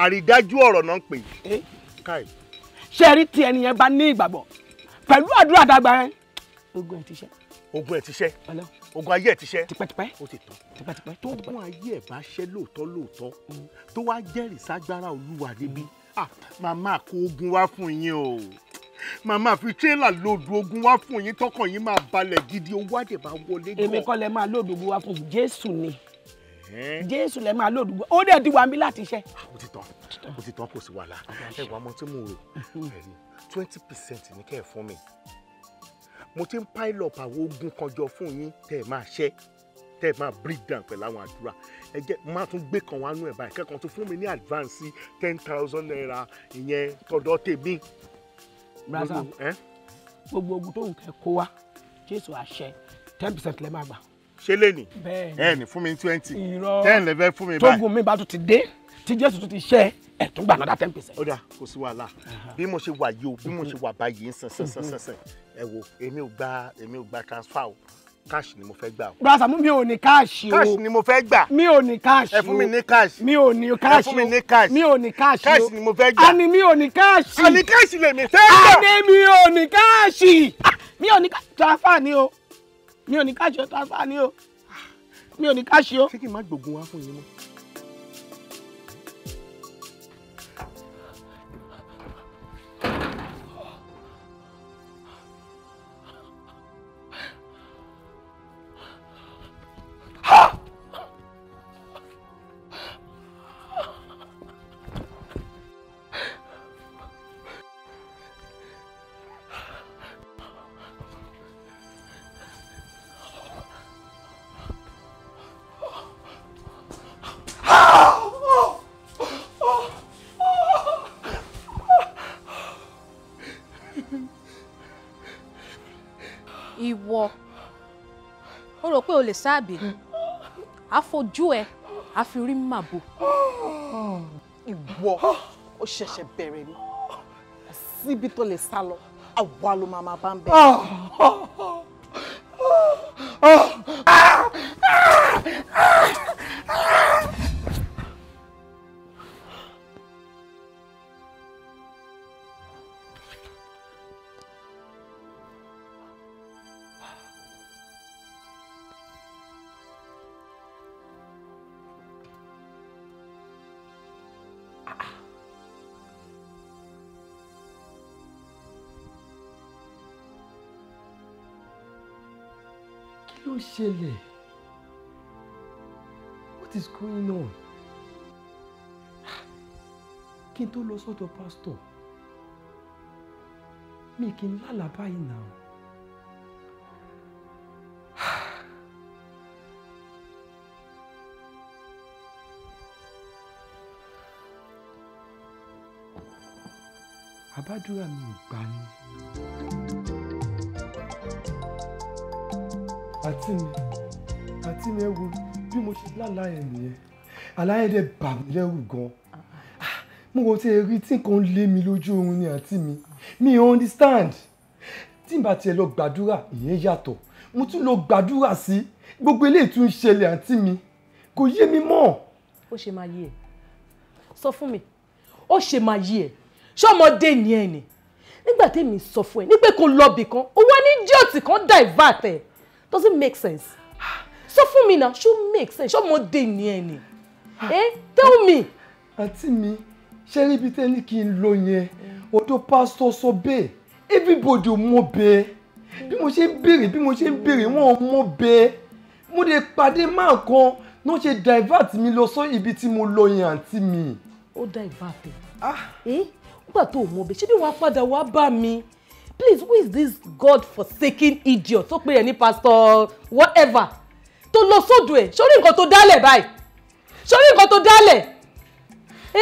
àrídájú ọ̀rọ̀ náà pè é. ṣé ẹ rí tí ẹni yẹn bá ní ìgbàgbọ́ pẹ̀lú àdúrà dàgbà yẹn ogun ẹ̀ ti ṣe. ogun ẹ̀ ti ṣe ogun ayé ẹ̀ ti ṣe. tipẹ́tipẹ́ o ti tán tipẹ́tipẹ́ tó gun ayé ẹ̀ bá ṣẹ́ lóòótọ́ lóòótọ́ mm. tó wá jẹ́rìí ságbára olúwa débi. Mm Ah, màmá kó ogun wá fún yín o màmá fi tírélà lòdù ogun wá fún yín tọkàn yín máa balẹ̀ gidi owó àdèbà wọlé gan. èmi kọ́ lẹ máa lòdù ogun wá fún jésù ni jésù lẹ máa lòdù ogun ó dẹ̀ di wàmí láti ṣe. ó ah, ti tán ó ti tán kò sí wàhálà ẹ wàá mọ tí mo rò twenty percent ní kẹ́ ẹ̀ fún mi mo ti ń pile up àwọn ogun kan jọ fún yín tẹ́ ẹ máa ṣe tẹ́ ẹ máa break down pẹ̀lú àwọn àdúrà ẹ jẹ́ máa tún gbé kan wánú ẹ̀ báyìí kẹ́kọ̀ọ́ tún fún mi ní advance ten thousand naira ìyẹn tọ̀dọ̀ tèmi. brasa gbogbo ogun tó ń kẹ kó wa jésù àṣẹ ten percent lẹ́ máa gbà. ṣé lè ní ẹ ní fún mi twenty ten lẹ́fẹ́ fún mi báyìí. tógun mi bá tún ti dé tí jésù tún ti ṣe ẹ tún gbà náà ten percent. ó dà kò sí wàhálà bí mo ṣe wà yìí o bí mo ṣe wà báyìí ń sàn sàn sàn sàn ẹ wo èmi ò gba èmi ò gba transfer o cash ni mo fẹ́ gbà o. brasa mi ò ní cash o. cash ni mo fẹ́ gbà. mi ò ní cash o. ẹ fún mi ní cash. mi ò ní cash o. ẹ fún mi ní cash. mi ò ní cash o. cash ni mo fẹ́ gbà. àní mi ò ní cash. àní cash lèmi fẹ́ gbà. àní mi ò ní cash. mi ò ní cash transfer ni o. mi ò ní cash o transfer ni o. mi ò ní cash o. ṣé kí n má gbógun wá fún yín mọ́. lè sáàbì àfojú ẹ àfirí màbò. ìwọ ó ṣẹ̀ṣẹ̀ bẹ̀rẹ̀ ni síbi tó lè sá lọ àwa ló máa máa bá ń bẹ̀. ló ṣẹlẹ̀ what is going on kí n tó lọ sọ́dọ̀ pásítọ̀ mi kì í lálàá báyìí náà àbádúrà mi ò gbà àǹtí mi àǹtí mi ẹ wo bí mo ṣe lálàá ẹ nìyẹn àlàyé dẹ bà mí lẹ́rù gan ah, mo kò tí ì rí tí nǹkan ń lé mi lójú oorun ni àǹtí mi mi ò understand tí n bá tiẹ̀ lọ gbàdúrà ìyẹn yàtọ̀ mo tún lọ gbàdúrà sí gbogbo eléyìí tún ń ṣẹlẹ̀ àǹtí mi kò yé mi mọ́. ó ṣe máa yé ẹ sọ fún mi ó ṣe máa yé ẹ ṣé ni ẹ ni nígbà tẹ́mi sọ fún ẹ nígbà kó lọ bìkan owó ní jíọ̀tì kan divert ẹ doesn't make sense So for me now, should make sense ṣó more dé ní ẹ ah. eh tell me. àǹtí me, ṣé níbi tẹ́lẹ̀ kí n lọ yẹn ọ̀dọ̀ pásítọ̀ sọ everybody mọ̀ be. bí mo ṣe ń béèrè bí mo ṣe ń béèrè wọn mọ̀ mo lè pàdé máa kan náà ṣe divert mi lọ sọ ibi tí mo lọ yẹn àǹtí mi. ó divert ah. Eh. nígbà tó o mọ̀ bẹ́ẹ̀ ṣé bí wàá padà wàá mi please who is this god forsaken idiot tó pè é ní pastor whatever tó lọ sódò ẹ̀ sórí nǹkan tó dálẹ̀ báyìí sórí nǹkan tó dálẹ̀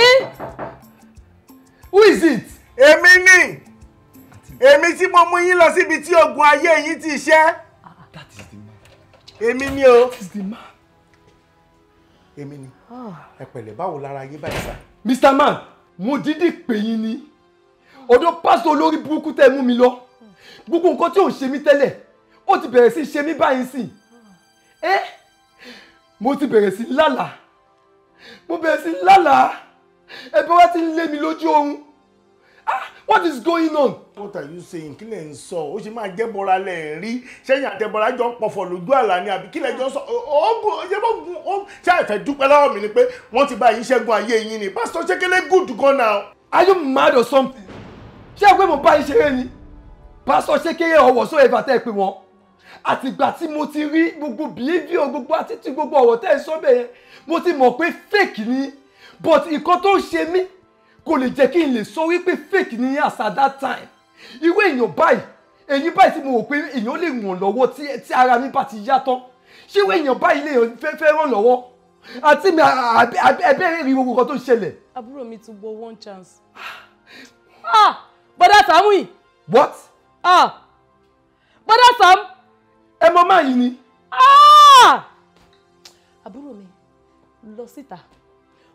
eh who is it. èmi ni èmi tí mo mú yín lọ síbi tí ogun ayé yín ti ṣẹ́ ah, èmi ni o èmi ni ah. ẹ pẹ̀lẹ́ báwo lára yín báyìí sá. mr man mo dídì pè yín ni ọ̀dọ̀ pásítọ̀ olórí burúkú tẹ́ mú mi lọ gbogbo nǹkan tí ò ń ṣe mí tẹ́lẹ̀ ó ti bẹ̀rẹ̀ sí ṣe mí báyìí sí ẹ mo ti bẹ̀rẹ̀ sí lálàá mo bẹ̀rẹ̀ sí lálàá ẹbí wa ti ń lé mi lójú oorun ah what is going on. what are you saying kí lè ń sọ ó ṣe máa jẹ́ bọ́ra lẹ̀ ń rí sẹ́yìn àtẹ̀bọ́ra jọ ń pọ̀fọ̀ lójú àlá ni àbí kí lè jọ sọ oògùn ọ̀yẹ́bọ̀gùn ó ṣe àìfẹ́ dúpẹ́ lọ́wọ́ mi ni pé wọ́n ti bá yín ṣẹ́gun ayé yín ni pásítọ̀ ṣẹ́kẹ́lẹ́ good gan now. are you mad or something ṣé ẹ pé mo bá yín ṣeré ni pásítọ̀ ṣékéyé ọ̀wọ̀ sóye bàtẹ́ pé wọ́n àtìgbà tí mo ti rí gbogbo behaviour gbogbo attitude gbogbo ọ̀rọ̀ tẹ́ ẹ sọ bẹ́ẹ̀ mo ti mọ̀ pé fake ni but nǹkan tó ń ṣe mí kò lè jẹ́ kí n lè sọ wípé fake ni as at that time irú èèyàn báyìí èyí báyìí tí mo wò pé èèyàn lè ràn lọ́wọ́ tí ara mi bá ti yá tán ṣé irú èèyàn báyìí lè fẹ́ fẹ́ ràn lọ́wọ́ àti mi ẹbẹ̀rẹ̀ rí gbogbo nǹkan tó ń ṣẹlẹ̀. àbúrò mi ti gbọ́ one chance. ah, ah! bọ́dá Sàámù yìí. what. ah bọ́dá Sàámù. ẹ mọ máa yìí ni. Ah. àbúrò mi lọ síta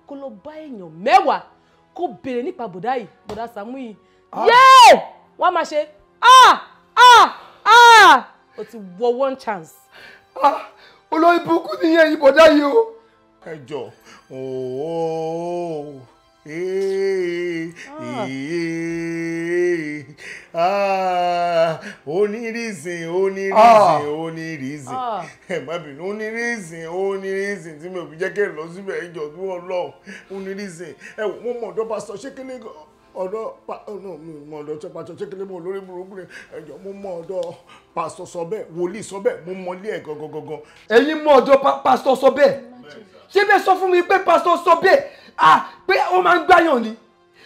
kó lọ bá èèyàn mẹ́wàá kó béèrè nípa bọ́dá yìí bọ́dá Sàámù yìí. yéè wọ́n á máa ṣe ah ah ah o ti wọ one chance. ah olórí burúkú nìyẹn ìbọ̀dá yìí o. ẹ jọ ooo. oh. Ah. Ah. onírísìn onírísìn ah. onírísìn ẹ má bínú onírísìn onírísìn tí mi ò fi jẹ́ kẹ́rin lọ síbẹ̀ ìjọ tó wọ́n lọ onírísìn ẹ mo mọ̀ ọ̀dọ́ pásítọ̀ ṣékélé ọ̀dọ́ ọ̀nà mi mọ̀ ọ̀dọ́ tó pásítọ̀ ṣékélé mọ̀ olórí burúkú ni ẹ̀jọ̀ mo mọ̀ ọ̀dọ́ pásítọ̀ sọ bẹ́ẹ̀ wòlíì sọ bẹ́ẹ̀ mo mọ̀ ilé ẹ̀ gangan gangan. ẹ̀yin mọ̀ ọ̀dọ́ pásítọ̀ sọ bẹ́ẹ̀ ṣé bẹ́ẹ̀ sọ fún mi pé pásítọ̀ sọ bẹ́ẹ̀ ah pé ó máa ń gbáyàn ni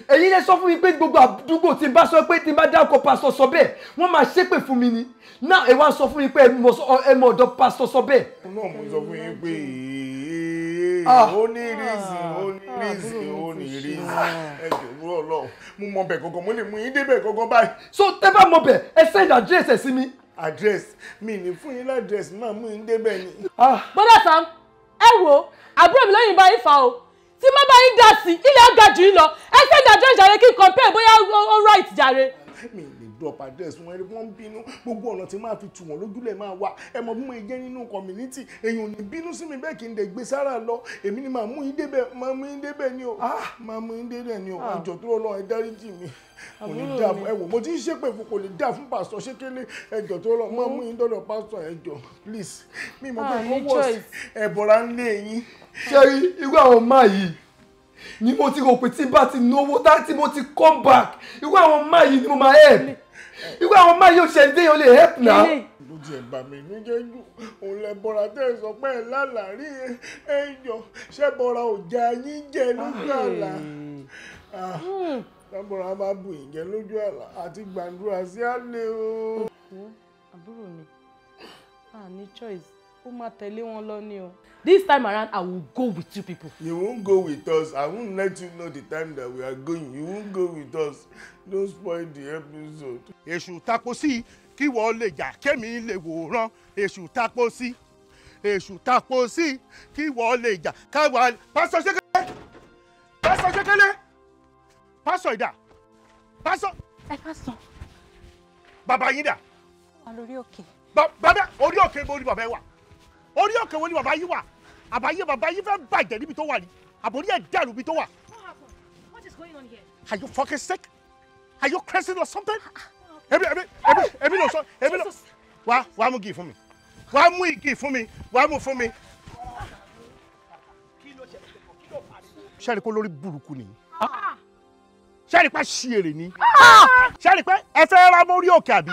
èyí lè sọ fún mi pé gbogbo àdúgbò tí n bá sọ pé tí n bá dárúkọ pásítọ̀ sọ bẹ́ẹ̀ wọ́n máa ṣépè fún mi ni náà ẹ wá sọ fún mi pé ẹ mọ ọ̀dọ̀ pásítọ̀ sọ bẹ́ẹ̀. náà mo sọ fún yín pé ah. ó ní rízì ó ní ah, rízì ó ní rízì ẹ jòwúrò Ọlọ́run mo mọ bẹ́ẹ̀ gangan mo lè mú yín débẹ̀ gangan báyìí. so tẹ́ bá mọ bẹ́ẹ̀ ẹ send address ẹ sí mi. address mi ní fún yín ládrẹ́sì máa mú yín débẹ̀ ni. Ah. bọ́dà Sam ẹ wo àbúrò mi lóyìnbó ifá o tí má bá yín dá sí ilé ọgá jù yín lọ ẹ ṣe ìdájọ́ ìjàre kí n compare bóyá ó right Jare drop address wọn wọ́n ń bínú gbogbo ọ̀nà tí máa fi tù wọ́n lójúlẹ̀ máa wà ẹ bí mo jẹ́ nínú community èyàn ò ní bínú sí mi bẹ́ẹ̀ kí n dẹ̀ gbé sára lọ èmi ni màmú yín débẹ̀ màmú yín débẹ̀ ni o ah! Ah! màmú yín débẹ̀ ni o ah! ìjọ tó lọ ẹ dáríjì mi kò ní dà fún ẹ mo ti ń ṣépè fún kò ní dà fún pásítọ̀ ṣékélé ẹjọ tó lọ màmú mm-hmm. yín dọ́dọ̀ pásítọ̀ ẹjọ please mi mọ̀ pé kọ́wọ́ ẹ̀bọ̀ra ń lé yín. ṣé irú àwọn máa yìí ni mo ti rò pé tí bá ti náwó tá tí mo ti come back irú àwọn máa yìí ni mo máa help irú àwọn máa yóò ṣe dé o lè help na. ló ti ẹ̀ bà mí níjẹ́ jù òun lẹ bọ́ra tẹ́ ẹ sọ pé ẹ lálàárí ẹ yọ ṣé bọ́ra ò já yín jẹ lójú àlá tábọ̀ra hmm. bá bù yín jẹ lójú àlá àti gbàdúrà sí àlè o. Hmm, àbúrò mi a ní choice ó máa tẹ̀lé wọn lọ ni o this time around i will go with you people. you won't go with us i won't let you know the time that we are going you won't go with us don't spoil the episode. èṣù tapo sí kí wọ́n lè jà kémi lè wòran èṣù tapo sí èṣù tapo sí kí wọ́n lè jà káwa pásọ ṣẹkẹlẹ pásọ ṣẹkẹlẹ pásọ ìdá pásọ. ẹ ká sàn. bàbá yín dà. wà lórí òkè. bàbá orí òkè mo ní bàbá ẹ wà orí òkè wo ni bàbá yìí wà àbáyé bàbá yìí fẹ́ bàjẹ́ níbi tó wà ní àbórí ẹ̀ dàrú níbi tó wà. What is going on here? Are you fucking sick? Are you crazy or something? Ah, ah. Ebi ebi ebi ebi lọ sọ ebi lọ wá wá mú igi fún mi wá mú igi fún mi wá mú fún mi. Ṣẹ́ẹ̀rì pé olórí burúkú ni ah. ṣẹ́ẹ̀rì pé ṣìyèrè ni ṣẹ́ẹ̀rì pé ẹ fẹ́ ra mọ́ orí òkè àbí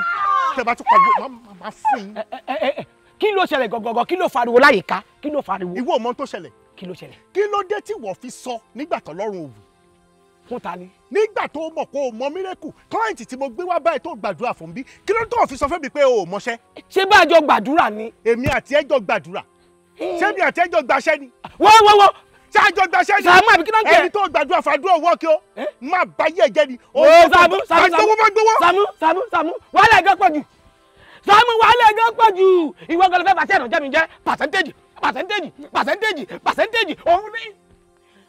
tẹ̀ bá tún pàgọ́ máa fún yín kí ló ṣẹlẹ̀ gọ̀gọ̀gọ̀ kí ló fariwo láyìíká kí ló fariwo. ìwọ mọ tó ṣẹlẹ̀. kí ló ṣẹlẹ̀. kí ló dé tí wọ́n fi sọ nígbà tó lọ́rùn òwì. fún ta ni. nígbà tó mọ̀ kó o mọ mírèkù kọ́ìntì tí mo gbé wá báyìí tó gbàdúrà fún bí kí ló tó fi sọ fún mi pé o ò mọṣẹ́. ṣé bá a jọ gbàdúrà ni. èmi àti ẹ jọ gbàdúrà. ṣé mi àti ẹ jọ gbàṣẹ́ ni. wọ́n wọ́n wọ́n sáájọ gbaṣẹ́ ni sàmú àbí kí náà jẹ ẹni tó sàmú wàhálà gan pọ̀ jù ìwọ gan fẹ́ bàtẹ́ ìrànjẹ́ mi jẹ́ pàṣẹ́ntéèjì pàṣẹ́ntéèjì pàṣẹ́ntéèjì pàṣẹ́ntéèjì òun ní.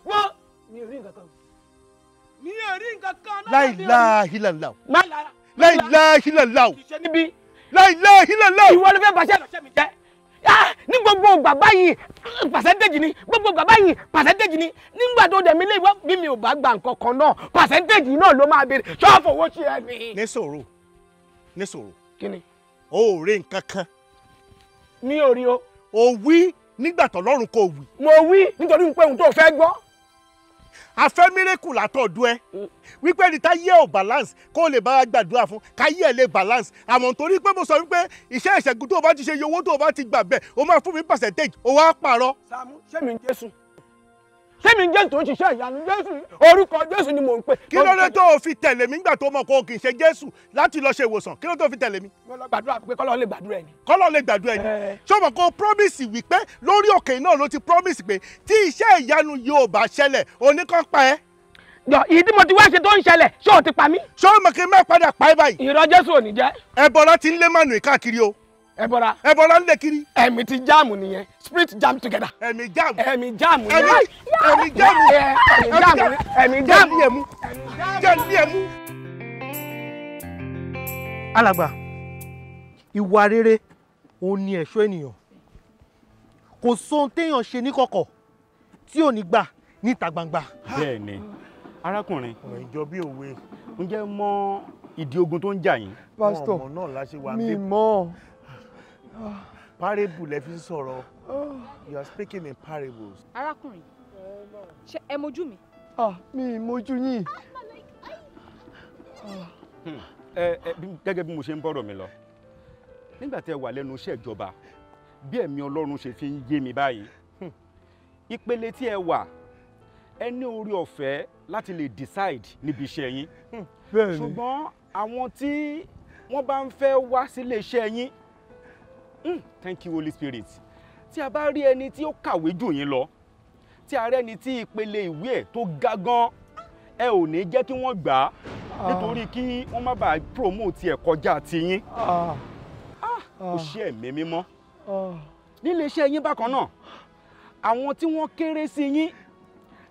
wọ́n mi ò rí nǹkan kan mi ò rí nǹkan kan náà. láìláhìlàlá láìláhìlàlá láìláhìlàlá ìwọ ló fẹ́ bàtẹ́ ìrànjẹ́ mi jẹ́ ah, ní gbogbo bàbá yìí pàṣẹ́ntéèjì ni gbogbo bàbá yìí pàṣẹ́ntéèjì ni nígbà tó dẹ̀ mí lé ìwọ bí mi ò bá gba nǹkan kan náà pàṣẹ́ntéèjì náà ló máa béèrè ṣọ́ọ̀fù owó ṣe é ni. ní sòrò ní sòrò. kí ni o ò rí nǹkan kan. ní orí o. o wí nígbà tọ́lọ́run kò wí. mo wí nítorí pé òun tó fẹ́ gbọ́ afẹ́ mírèkù látọ̀dọ̀ ẹ mm. wípé ní táyé ò balance kó o lè bá gbàdúrà fún káyé ẹ lè balance àmọ́ nítorí pé mo sọ wípé iṣẹ́ ìṣẹ́gun tó o bá ti ṣe iye owó tó o bá ti gbà bẹ́ẹ̀ o máa fún mi percentage o wá pààrọ̀. Sàámú ṣé mi ń jésù sẹ́mi jésù òṣìṣẹ́ ìyanu jésù orúkọ jésù ni mò ń pè. kí ló dé tó o fi tẹ̀lé mi nígbà tó mọ̀ kó o kì í ṣe jésù láti lọ ṣe ìwòsàn kí ló tó o fi tẹ̀lé mi. mo lọ gbàdúrà pé kọ́lọ́ lè gbàdúrà ẹni. kọ́lọ́ lè gbàdúrà ẹni. sọ́mọ̀ kó promise wípé lórí òkè náà ló ti promise pé tí iṣẹ́ ìyanu yóò bá ṣẹlẹ̀ oníkan pa ẹ́ yọ ìdí mo ti wá ṣe tó ń ṣẹlẹ̀ ṣé o ti pa mí. ṣé o mọ̀ kí n mẹ́ padà pa ẹ́ báyìí. ìrọ̀ jésù ò ní jẹ́. ẹ̀bọ̀rọ̀ ti ń lé mànú o ẹbọra ẹbọra ń lè kiri. ẹ̀mí ti jáàmù nìyẹn spirit jam together. ẹ̀mí jáàmù ẹ̀mí jáàmù ẹ̀mí ẹ̀mí jáàmù ẹ̀mí jáàmù ẹ̀mí jáàmù ẹ̀mú jẹ́ni ẹ̀mú. alàgbà ìwà rere òun ni ẹ̀ṣọ́ ènìyàn kò sóhun téèyàn ṣe níkọ̀kọ̀ tí ò ní gbà níta gbangba. bẹ́ẹ̀ni arákùnrin ọ̀rọ̀ ìjọ bí òwe ǹjẹ́ mọ ìdí ogun tó ń jà yín. pásítọ̀ mi mọ̀ parable lẹ fi ń sọ̀rọ̀ oh. you are speaking in parables. arákùnrin ṣe ẹ mojú mi. Ah, mi ì mojú yín. Oh. Hmm. gẹ́gẹ́ bí mo ṣe ń bọ̀rọ̀ mi lọ nígbà tí ẹ wà lẹ́nu iṣẹ́ ìjọba bí ẹ̀mí ọlọ́run ṣe fi ń yé mi báyìí hmm. ìpele tí ẹ wà ẹ ní orí ọ̀fẹ́ láti lè decide níbi iṣẹ́ yín hmm. ṣùgbọ́n àwọn tí wọ́n bá ń fẹ́ wá sílé iṣẹ́ yín Hmm, thank you holy spirit tí a bá rí ẹni tí ó kàwé jù yín lọ tí a rẹ́ ni tí ìpele ìwé ẹ̀ tó ga gan ẹ ò ní jẹ́ kí wọ́n gbà á ah. nítorí kí wọ́n má bàa promote ẹ̀ kọjá tiyín ó ah. ah, ṣe ẹ̀mí mímọ́ nílé iṣẹ́ yín bákan náà àwọn tí wọ́n kéré sí yín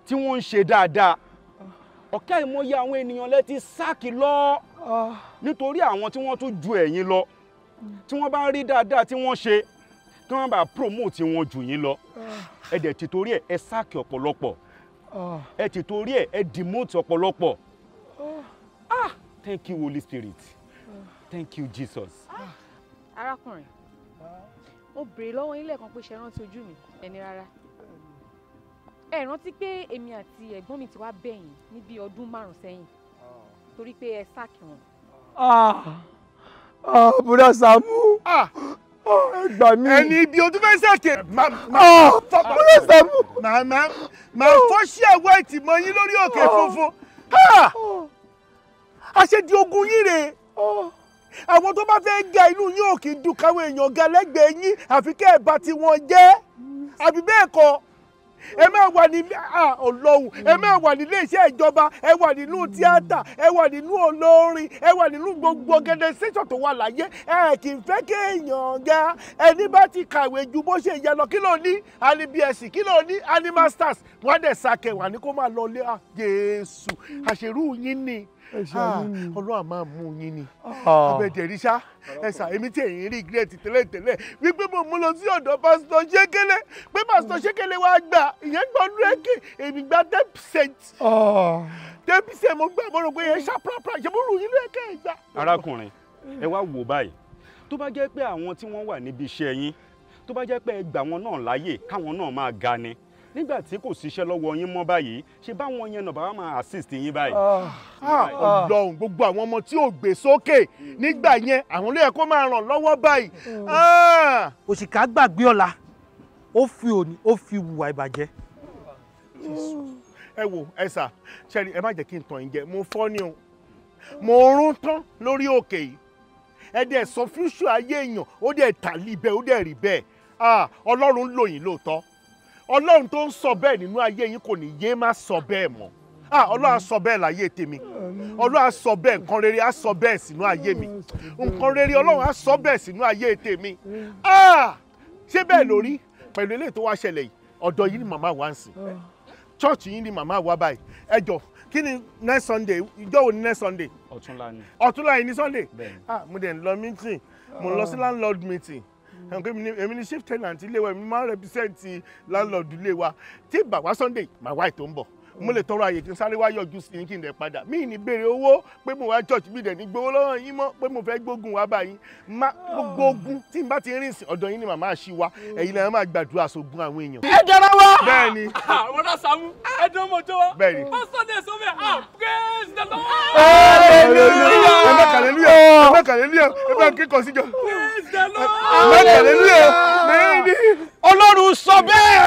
tí wọ́n ń ṣe dáadáa ọ̀kẹ́ ìmọ̀ye àwọn ènìyàn lẹ́tí sáàkì lọ nítorí àwọn tí wọ́n tún ju ẹ̀yin lọ tí wọ́n bá rí dáadáa tí wọ́n ṣe kí wọ́n bá promote wọn jù yín lọ ẹ dẹ̀ ti torí ẹ̀ ẹ sáàkì ọ̀pọ̀lọpọ̀ ẹ ti torí ẹ̀ ẹ demote ọ̀pọ̀lọpọ̀ ah thank you holy spirit thank you jesus. Ah, arákùnrin mo béèrè lọ́wọ́ yín lẹ́ẹ̀kan pé ṣe rántí ojú mi ẹni rárá ẹ rántí pé èmi àti ẹ̀gbọ́n mi ti wá bẹ̀yìn ní bíi ọdún márùn-ún sẹ́yìn ah. torí pé ẹ sáàkì wọn. Ah. Ah, bùdá Sàámú ah. Ah, ẹ gbà mí. ẹni ibi o tún fẹ́ sẹ̀kẹ̀. bùdá Sàámú. màmá màá fọ́ṣí ẹ̀wọ́ ìtìmọ̀ yín lórí òkè funfun. àṣẹ di ogun yín rèé àwọn tó bá fẹ́ ga inú yín ò kì í dùn káwọn èèyàn ga lẹ́gbẹ̀ẹ́ yín àfi kẹ́ ẹ̀ bá tiwọn jẹ́ mm. àbí bẹ́ẹ̀ kọ́ ẹ máa wà ní ọlọ́run ẹ máa wà nílé iṣẹ́ ìjọba ẹ wà nínú tíátà ẹ wà nínú olórin ẹ wà nínú gbogbo organisation tó wà láyé ẹ kì í fẹ́ kéèyàn ga ẹni bá ti kàwé ju bó ṣe yẹ lọ kí ló ní a bsc kí ló ní a ní masters wọ́n dẹ̀ sàkẹ̀wà ní kó máa lọ lé Jésù àṣẹrú yín ni. Ah, ọlọ́run àmà mú yín ni ah. abẹ́jẹ̀rí ṣá ẹ̀sà èmi tí èyí ń rí regret tẹ́lẹ̀tẹ́lẹ̀ wípé mo mú lọ sí ọ̀dọ̀ pásítọ̀ ṣékélé pé pásítọ̀ ṣékélé wàá gbà ìyẹn gbọ́ lókè èmi gba ten percent mo gbà mo rò pé yẹn ṣàpàpà ṣe mo rù yín lókè ìgbà. arákùnrin ẹ wá wò báyìí tó bá jẹ́ pé àwọn tí wọ́n wà níbi iṣẹ́ yín tó bá jẹ́ pé ẹ gbà wọn náà láàyè káwọn náà máa ga ni nígbà tí kò síṣẹ́ lọ́wọ́ yín mọ́ báyìí ṣe báwọn yẹn nàbà máa assist yín báyìí. Ah. Ah, ah. ọlọ́run gbogbo àwọn ọmọ tí ò gbé sókè nígbà yẹn àwọn ló yẹ kó máa ràn lọ́wọ́ báyìí. Hmm. òṣìkà gbàgbé ọ̀la ó fi òní ó fi wùwà ìbàjẹ́. ẹ wo ẹ sà ṣẹ́ni ẹ má jẹ́ kí n tàn yín jẹ mo fọ́ ni o mo rún tán lórí òkè yìí ẹ dẹ̀ sọ fúnṣù ayé èèyàn ó dẹ̀ tà líbẹ̀ ó dẹ̀ rí bẹ́ẹ̀ ọlọ́run lòyìn lóòótọ́ ọlọ́run tó ń sọ bẹ́ẹ̀ nínú ayé yín kò ní yé má sọ bẹ́ẹ̀ mọ́ ah, ọlọ́run á sọ bẹ́ẹ̀ láyé tèmi ọlọ́run á sọ bẹ́ẹ̀ nǹkan rere á sọ bẹ́ẹ̀ sínú ayé mi nǹkan rere ọlọ́run á sọ bẹ́ẹ̀ sínú ayé tèmi ah, ṣé bẹ́ẹ̀ lórí pẹ̀lú eléyìí tó wá ṣẹlẹ̀ yìí ọ̀dọ̀ yìí ni màmá wa ń sìn chọ́ọ̀chì yìí ni màmá wa báyìí ẹ kí ni next sunday ìjọ wo ni next sunday ọ̀túnla ni ọ̀túnla yìí ni sunday ah mo dẹ̀ ń lọ meeting mo lọ sí landlord meeting èmi ni chief tenant ilé wa èmi máa ń represent landlord ilé wa tí bàbá Sunday màá wá ètò ń bọ̀ mo lè tọrọ àyè tí n sáré wá yọjú sí kí n lè padà mí ní béèrè owó pé mo wá church bí dẹ̀ni gbowó lọ́wọ́ yín mọ́ pé mo fẹ́ gbógun wá báyìí má gbogbo tí n bá ti rìn sí ọ̀dọ̀ yín ni màmá àṣì wa ẹ̀yin náà máa gbàdúrà sógun àwọn èèyàn. ẹ jọra wa. bẹ́ẹ̀ni. àwọn ah, náà sàmú ẹ dán mọ jọ. bẹ́ẹ̀ni. pásítọ̀dẹ̀ sọ́fẹ̀ ah praise the Lord. aleluya aleluya aleluya ẹ bá kàlẹ́lúyà ẹ bá kíkọ síjọ mẹtẹlélúyẹ mẹrin ni Ọlọ́run sọ bẹ́ẹ̀.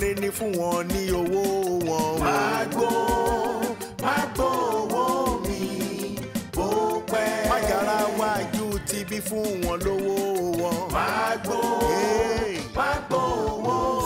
rẹ ní fún wọn ní owó wọn. Magbo Magbo owó mi bó pẹ́. Májàra wájú ti bí fún wọn lówó wọn. Magbo Magbo owó mi.